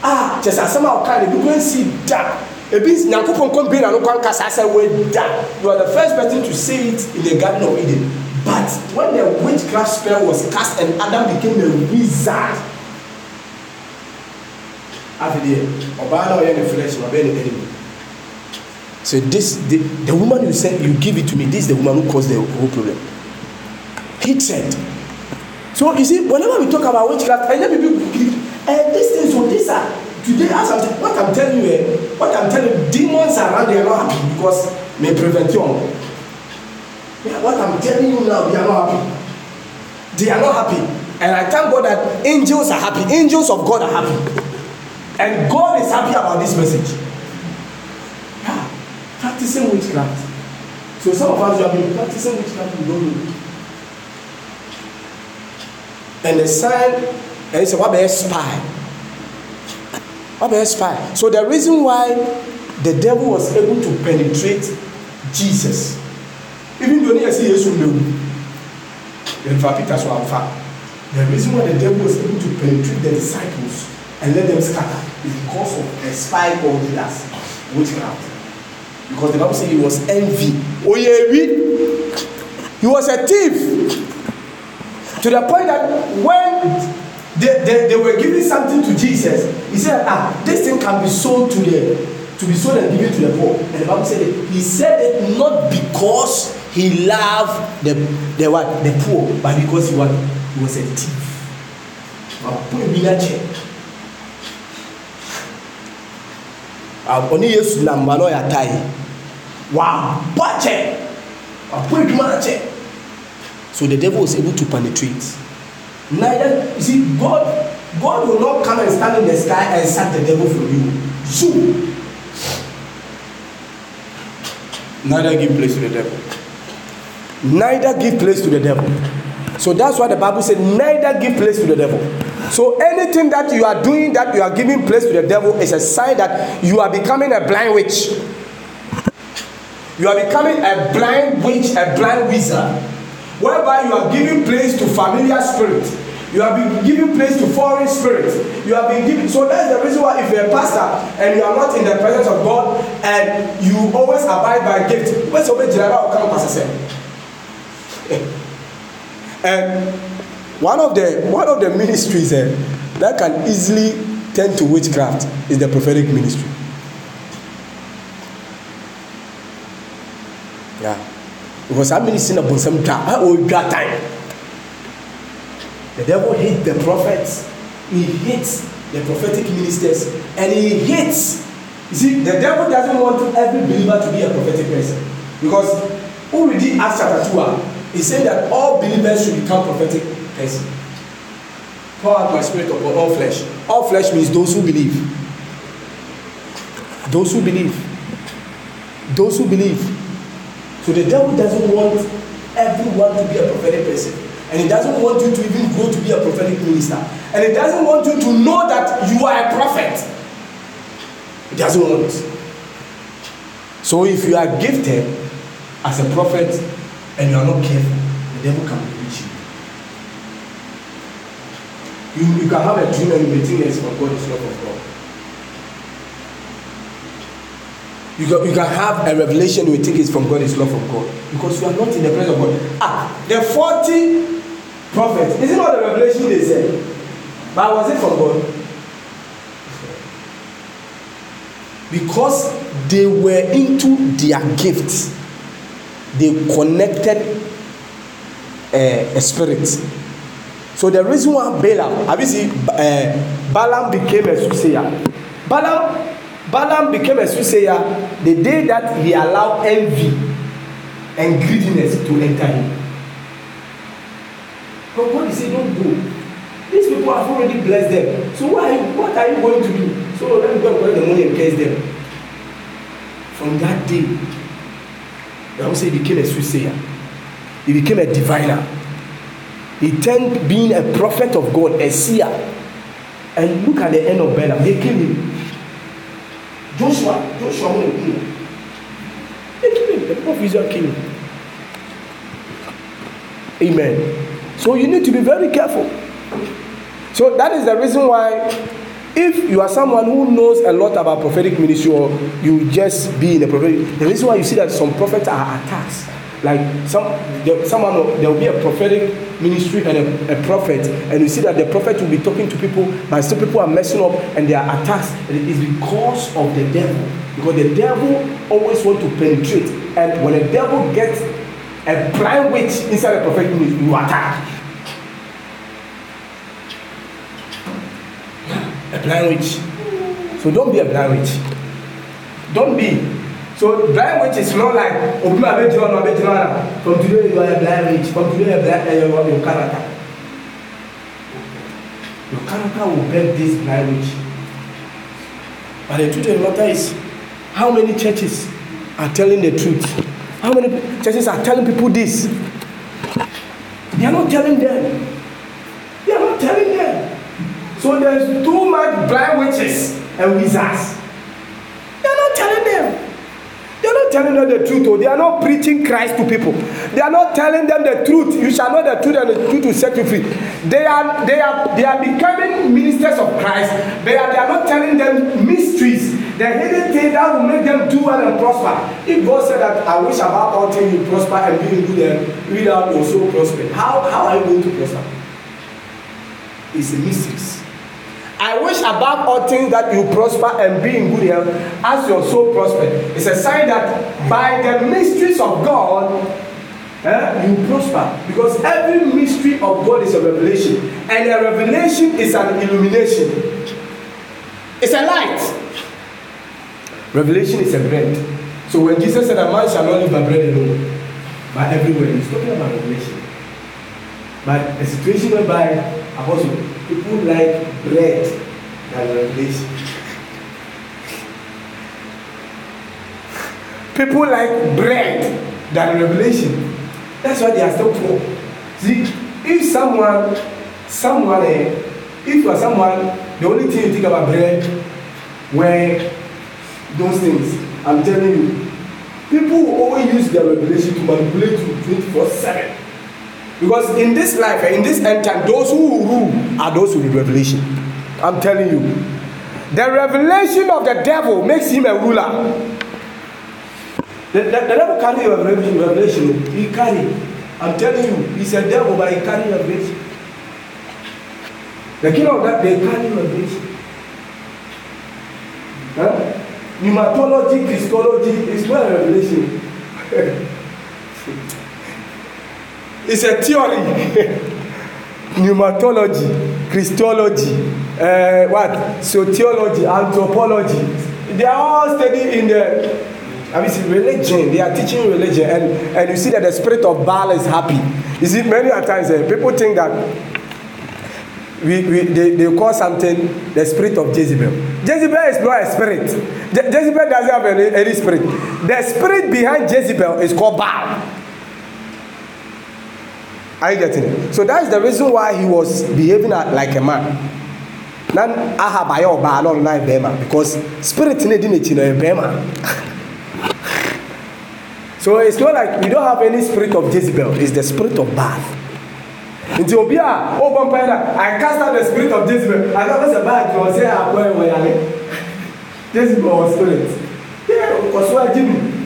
[SPEAKER 2] ah just as sɛ asɛm a you go and see that. da ebi nyankopɔn kɔn bi na no kwan kasa asɛ wɔ that you are the first person to say it in the garden of eden. But when the witchcraft spell was cast and Adam became a wizard, After the náà ọyẹ ne flesh na ọbẹ ne enemy. So this the, the woman you said you give it to me this is the woman who caused the whole problem. He said. So you see whenever we talk about witchcraft I then people believe eh these things so these are today as I'm what I'm telling you eh what I'm telling you demons around there are not happy because may prevent you. Yeah, what I'm telling you now, they are not happy. They are not happy. And I thank God that angels are happy. Angels of God are happy. And God is happy about this message. Yeah, practicing witchcraft. So some of us have been practicing witchcraft, we don't know. And the sign, and he said, what about spy? What about spy? So the reason why the devil was able to penetrate Jesus even though Jesus yesu lewu yẹnfa peter so far, the reason why the devil was able to penetrate the disciples and let them scatter is because of a spy called judas witchcraft because the bible say he was envy yeah, he was a thief to the point that when they, they, they were giving something to jesus he said ah this thing can be sold to the to be sold and given to the poor and the bible said he said it not because he loved the the what the poor but because he was he was a thief wapon bi akyɛ ɔne yesu namba na ɔyɛ atae wabɔ akyɛ wapɔ adwuma akyɛ so the devil was able to penetrate neither you see god god will not come and stand in the sky and sack the devil from you Zoom. neither give place to the devil neither give place to the devil. So that's why the Bible said, neither give place to the devil. So anything that you are doing that you are giving place to the devil is a sign that you are becoming a blind witch. You are becoming a blind witch, a blind wizard, whereby you are giving place to familiar spirits. You have been giving place to foreign spirits. You have been giving. So that is the reason why, if you are a pastor and you are not in the presence of God and you always abide by gift, where's your way? General, come, Pastor. and one of the one of the ministries eh, that can easily turn to witchcraft is the prophetic ministry yeah because that ministry some time? dwa a that time the devil hates the prophets he hates the prophetic ministers and he hates you see the devil doesn't want every believer to be a prophetic person because already acts chapter two ah? He said that all believers should become prophetic person. Pour out my spirit upon all flesh. All flesh means those who believe. Those who believe. Those who believe. So the devil doesn't want everyone to be a prophetic person. And he doesn't want you to even grow to be a prophetic minister. And he doesn't want you to know that you are a prophet. He doesn't want. So if you are gifted as a prophet, and you are not careful, the devil can reach you. You, you can have a dream and you may think it's from God, it's not from God. You can, you can have a revelation you think is from God, it's not from God. Because you are not in the presence of God. Ah, the 40 prophets, is it not the revelation they said? But was it from God? Because they were into their gifts they connected a, eh, a spirit. So the reason why Balaam, have you seen, uh, Balaam became a soothsayer. Balaam, Balaam became a soothsayer the day that he allowed envy and greediness to enter him. But God is saying, don't go. These people have already blessed them. So why, what are you going to do? So let me go and collect the money and bless them. From that day, I would say he became a soothsayer. He became a diviner. He turned being a prophet of God, a seer. And look at the end of Balaam. They killed him. Joshua, Joshua went to kill him. They killed him. The prophet Israel killed him. Amen. So you need to be very careful. So that is the reason why if you are someone who knows a lot about prophetic ministry or you just be in a prophetic the reason why you see that some prophets are attacked like some there, someone there will be a prophetic ministry and a, a prophet and you see that the prophet will be talking to people but still people are messing up and they are attacked it is because of the devil because the devil always want to penetrate and when the devil gets a prime witch inside a prophetic ministry you attack blind witch. So don't be a blind witch. Don't be. So blind witch is not like open my bedroom, my bedroom. From today you are a blind witch. From today you are blind, eh, you are your character. Your character will break this blind witch. But the truth of the matter is, how many churches are telling the truth? How many churches are telling people this? They are not telling them. They are not telling them. So there's too much blind witches and wizards. They're not telling them. They're not telling them the truth. Oh. They are not preaching Christ to people. They are not telling them the truth. You shall know the truth and the truth will set you free. They are, they are, they are becoming ministers of Christ. They they are not telling them mysteries. The hidden thing that will make them do well and prosper. If God said that I wish about all things you prosper and you do them without also prosper, how, how are you going to prosper? It's a mystery. I wish above all things that you prosper and be in good health as your soul prospers. It's a sign that by the mysteries of God, eh, you prosper. Because every mystery of God is a revelation. And a revelation is an illumination, it's a light. Revelation is a bread. So when Jesus said, A man shall not live by bread alone, but everywhere, he's talking about revelation. But the situation whereby apostle people like bread than revelation. People like bread than revelation. That's why they are still poor. See, if someone, someone, eh, if you are someone, the only thing you think about bread, where those things, I'm telling you, people always use their revelation to manipulate you 24 7. Because in this life, eh, in this end time, those who rule are those with revelation. I'm telling you. The revelation of the devil makes him a ruler. The, the, the devil carry your revelation. Oh. He carry. I'm telling you, he's a devil, but he carry revelation. The king of that, they carry revelation. Huh? Pneumatology, Christology is not a revelation. it's a theory pneumatology christology uh, what sociology anthropology they are all study in the I mean, see, religion, they are teaching religion, and, and you see that the spirit of Baal is happy. You see, many times uh, people think that we, we, they, they call something the spirit of Jezebel. Jezebel is not a spirit. Je- Jezebel doesn't have any, any spirit. The spirit behind Jezebel is called Baal. Are you getting? it? So that's the reason why he was behaving like a man. Nan aha ba yɛ ɔbaa lɔn nan Bema because spirit in di n'akyi na Bema. So it's not like we don't have any spirit of Jezebel, it's the spirit of bad. Nti obi a ɔbɔ mpae I cast out the spirit of Jezebel, I don't know say Baal kì ɔsɛ akɔ ɛwɔ yare. Jezebel was spirit. Yeah. Because why didn't?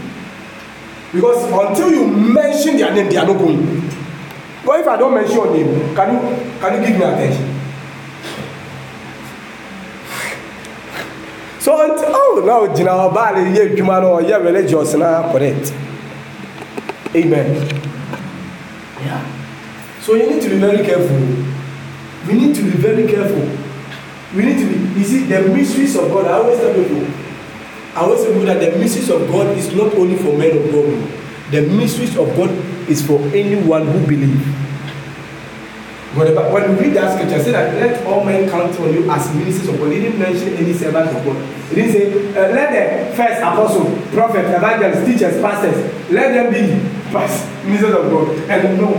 [SPEAKER 2] because until you mention their name they are not going. But if I don't mention your name, can you can you give me attention? So until oh now gyina hɔ baa ne yɛ adwuma no ɔyɛ religious na correct. Amen. Yeah. So you need to be very careful. We need to be very careful. We need to be you see the mysteries of God. I always tell people. I always tell people that the mysteries of God is not only for men of God. The mysteries of God is for anyone who believes. But when we read that scripture, say that let all men count on you as ministers of God. He didn't mention any servants of God. He didn't say, uh, let the first apostle, prophet, evangelist, teachers, pastors, let them be past ministers of God. And no,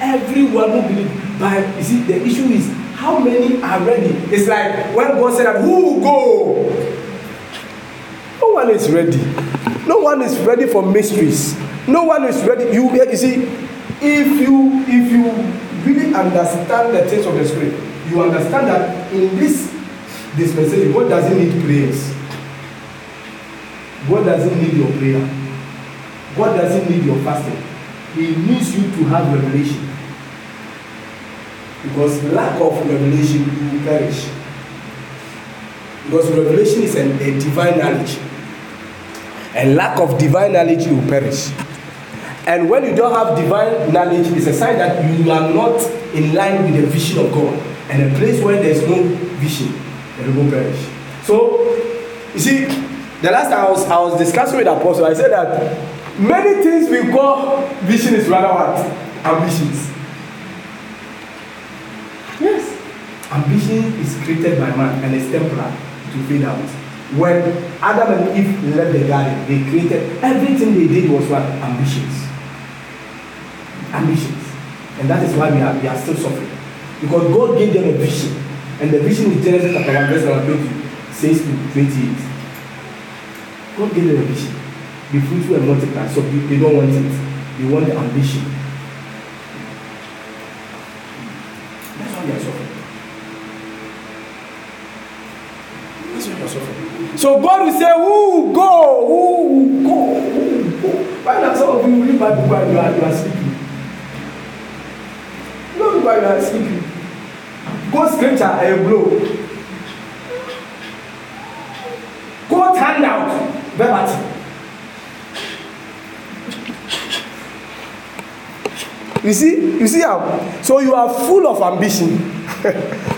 [SPEAKER 2] everyone who believes. But you see, the issue is how many are ready? It's like when God said, who go? No one is ready. No one is ready for mysteries no one is ready you, eh, you see if you if you really understand the things of the spirit you understand that in this dispensation god doesn't need prayers god doesn't need your prayer god doesn't need your fasting he needs you to have revelation because lack of revelation you will perish because revelation is an, a divine knowledge and lack of divine knowledge you will perish. And when you don't have divine knowledge, it's a sign that you are not in line with the vision of God. And a place where there's no vision, the people perish. So, you see, the last time I was, I was discussing with the apostle, I said that many things we call vision is rather what? Ambitions. Yes. Ambition is created by man and it's temporal to fade out. When Adam and Eve left the garden, they created everything they did was what? Ambitions ambitions. And that is why we are, we are still suffering. Because God gave them a vision. And the vision is Genesis chapter 1, verse number 20 says to 28. God gave them a vision. Be fruitful and multiply. So they don't want it. They want the ambition. That's why they are suffering. That's why they are suffering. So God will say, Who go? Who go? Who go? Why not some of you read my book and you are, you are speaking? know why you are sleeping go scripture and blow go handout verbatim you see you see how so you are full of ambition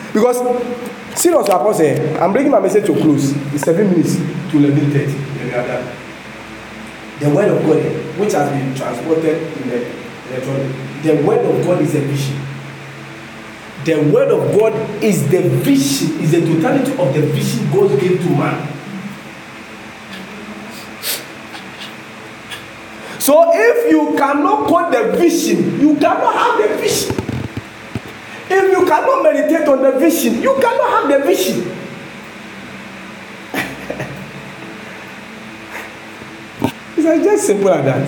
[SPEAKER 2] because serious apostle eh, i'm bringing my message to close it's seven minutes to eleven thirty then we the word of god eh, which has been transported in the electronic the word of god is a vision The word of God is the vision, is the totality of the vision God gave to man. So if you cannot quote the vision, you cannot have the vision. If you cannot meditate on the vision, you cannot have the vision. it's just simple like that.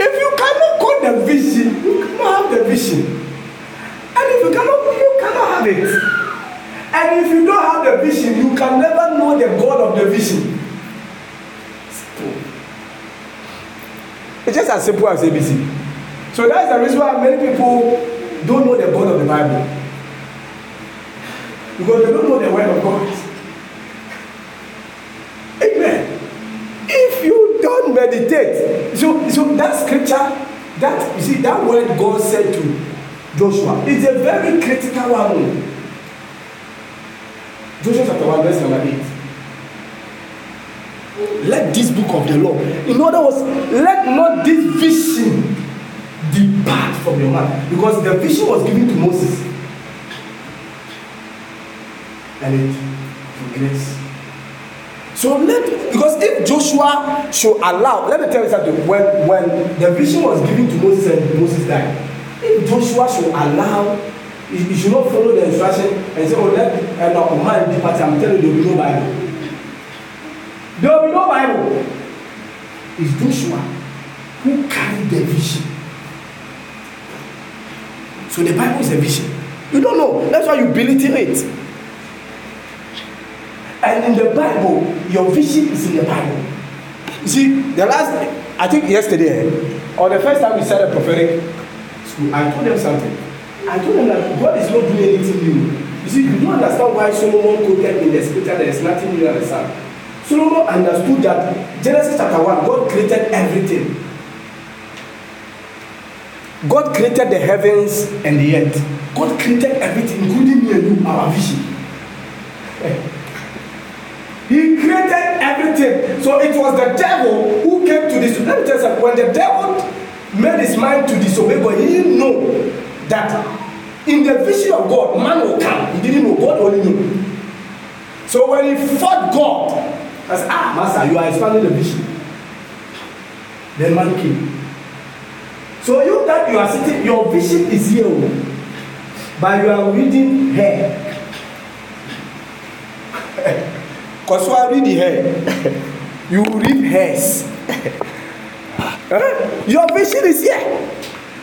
[SPEAKER 2] If you cannot quote the vision, you cannot have the vision. And if you cannot, you cannot have it. And if you don't have the vision, you can never know the God of the vision. It's just as simple as ABC. So that's the reason why many people don't know the God of the Bible. Because they don't know the word of God. Amen. If you don't meditate, so, so that scripture, that you see, that word God said to Joshua. It's a very critical one. Joshua chapter 1, verse number 8. Let this book of the law, in other words, let not this vision depart from your mind. Because the vision was given to Moses. And it regrets. So let because if Joshua should allow, let me tell you something. When when the vision was given to Moses and Moses died, if joshua should allow he, he should not follow the instruction and say oh let and uh, eh, man depart i'm telling you there will be no bible there will be no bible Is joshua who carry the vision so the bible is a vision you don't know that's why you believe in it and in the bible your vision is in the bible you see the last i think yesterday eh, or the first time we said a prophetic school i told them something i told them that god is not doing anything new you see you don't understand why solomon quoted in the scripture there is nothing new under the sun solomon understood that genesis chapter one god created everything god created the heavens and the earth god created everything including me and you our vision he created everything so it was the devil who came to this let me tell you something when the devil made his mind to disobey God, he didn't know that in the vision of God, man will come. He didn't know, God only knew. So when he fought God, I said, Ah, Master, you are expanding the vision. Then man came. So you that you are sitting, your vision is here, oh. but you are reading hair. Because you read the hair, you read hairs. Eh? Your vision is here.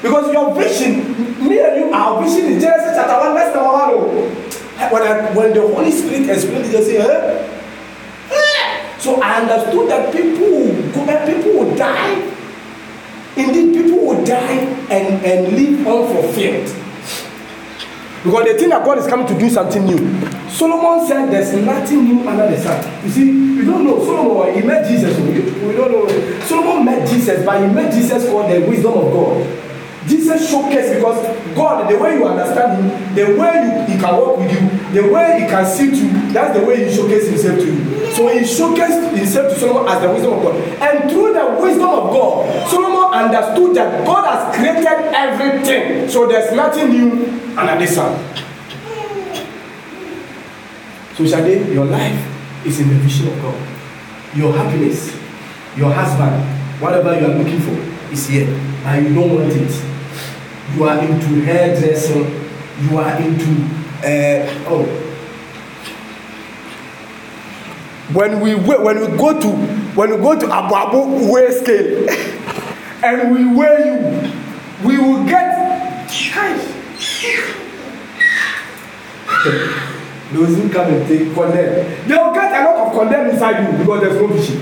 [SPEAKER 2] Because your vision, me and you, our vision in Genesis chapter 1, verse number 1. Eh, when, I, when the Holy Spirit explained it, they say, eh? eh? So I understood that people will go, people will die. Indeed, people will die and, and live unfulfilled. Because they think that God is coming to do something new. Solomon said there's nothing new under the sun. You see, we don't know. Solomon, he met Jesus. We, we don't know. Solomon met Jesus, but he met Jesus for the wisdom of God. Jesus showcase because God, the way you understand Him, the way you, He can work with you, the way He can see to you, that's the way He showcases Himself to you. So He showcased Himself to Solomon as the wisdom of God. And through the wisdom of God, Solomon understood that God has created everything. So there's nothing new under the sun. So, Shade, your life is in the vision of God. Your happiness, your husband, whatever you are looking for, is here, and you don't want it you are into hairdressing you are into uh, oh when we when we go to when we go to abuabu weigh scale and we weigh you we will get those who come and take condemn they will get a lot of condemn inside you because there's no vision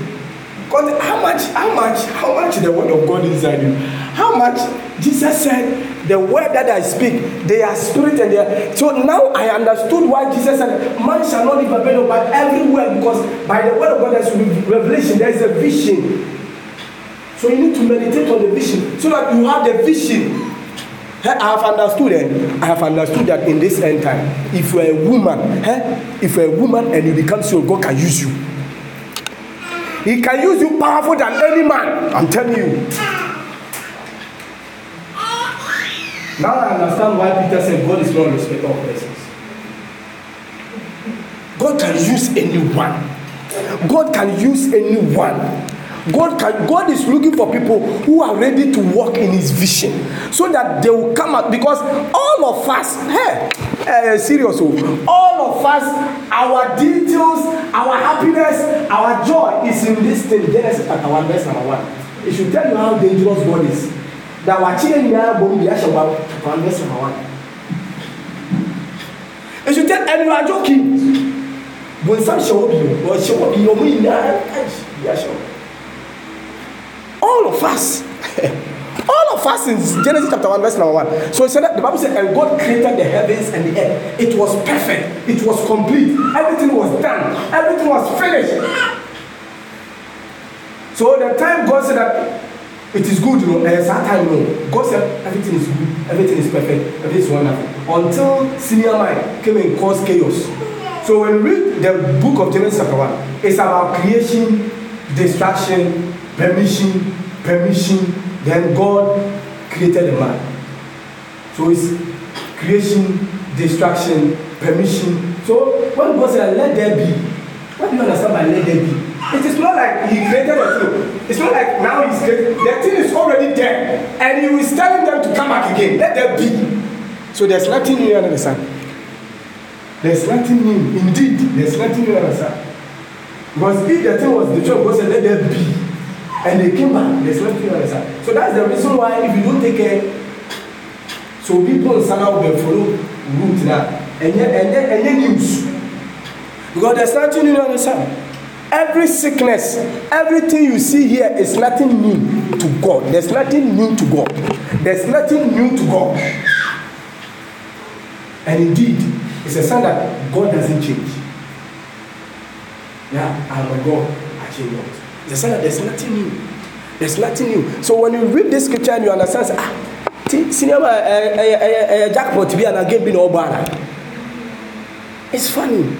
[SPEAKER 2] God, how much how much how much the word of God inside you How much? Jesus said, The word that I speak, they are spirit and they are. So now I understood why Jesus said, Man shall not live by bread, but every word, because by the word of God, there there's revelation, there is a vision. So you need to meditate on the vision so that you have the vision. I have understood eh? I have understood that in this end time, if you're a woman, eh? if you're a woman and you become so, God can use you. He can use you powerful than any man. I'm telling you. Now I understand why Peter said God is not respect of persons. God can use anyone. God can use anyone. God can God is looking for people who are ready to walk in his vision so that they will come out because all of us hey uh, serious oh, all of us our details our happiness our joy is in this thing Genesis chapter 1 verse number 1 it should tell you how dangerous God is da wakyerɛ nyinaa bɔ mu de ahyɛ wa kwan bɛ sɛ ma wa nso tɛ ɛnu adwo ki bonsam hyɛ wɔ bi o ɔhyɛ wɔ bi o mu nyinaa ayi ahyɛ wɔ all of us all of us in genesis chapter one verse number one so he said that the bible said and god created the heavens and the earth it was perfect it was complete everything was done everything was finished so the time god said that it is good no ẹ eh, saa time no God said everything is good everything is perfect everything is wonderful until senior man came and caused chaos so when we read the book of Genesis chapter one it's about creation destruction permission permission then God created the man so it's creation destruction permission so when God said let there be what do you understand by let there be It is not like he created a thing. It's not like now he's created. The thing is already there. And he is telling them to come back again. Let them be. So there's nothing new under the sun. There's nothing new. Indeed, there's nothing new under the sun. Because if the thing was destroyed, God said, let them be. And they came back. There's nothing new under the sun. So that's the reason why if you don't take care, so people in Sana will follow route now. And yet, and yet, and yet news. Because there's nothing new under the sun. Every sickness, everything you see here is nothing new to God. There's nothing new to God. There's nothing new to God. And indeed, it's a sign that God doesn't change. Yeah, I'm a God, I change not. It's a sign that there's nothing new. There's nothing new. So when you read this scripture and you understand, say, ah, cinema, eh, eh, eh, jackpot, be an again, be no It's funny,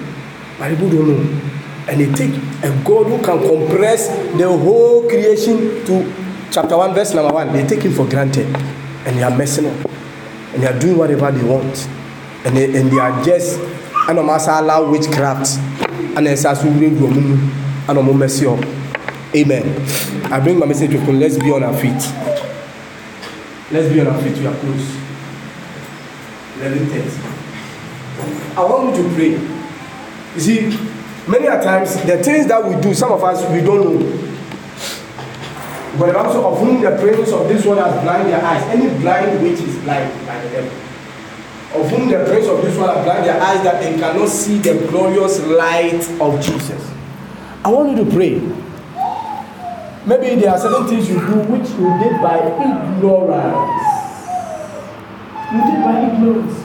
[SPEAKER 2] but people don't know. And it takes a God who can compress the whole creation to chapter 1, verse number 1. They take him for granted. And they are messing up. And they are doing whatever they want. And they, and they are just, and I'm allow witchcraft. And it's as we bring them, and I'm messy up. Amen. I bring my message to you. Let's be on our feet. Let's be on our feet. We are close. Let 11 30. I want you to pray. You see, Many a times, the things that we do, some of us, we don't know. But the Bible says, of whom the presence of this one has blinded their eyes. Any blind which is blind by the devil. Of whom the presence of this one has blinded their eyes that they cannot see the glorious light of Jesus. I want you to pray. Maybe there are certain things you do which you did by ignorance.
[SPEAKER 3] You did by ignorance.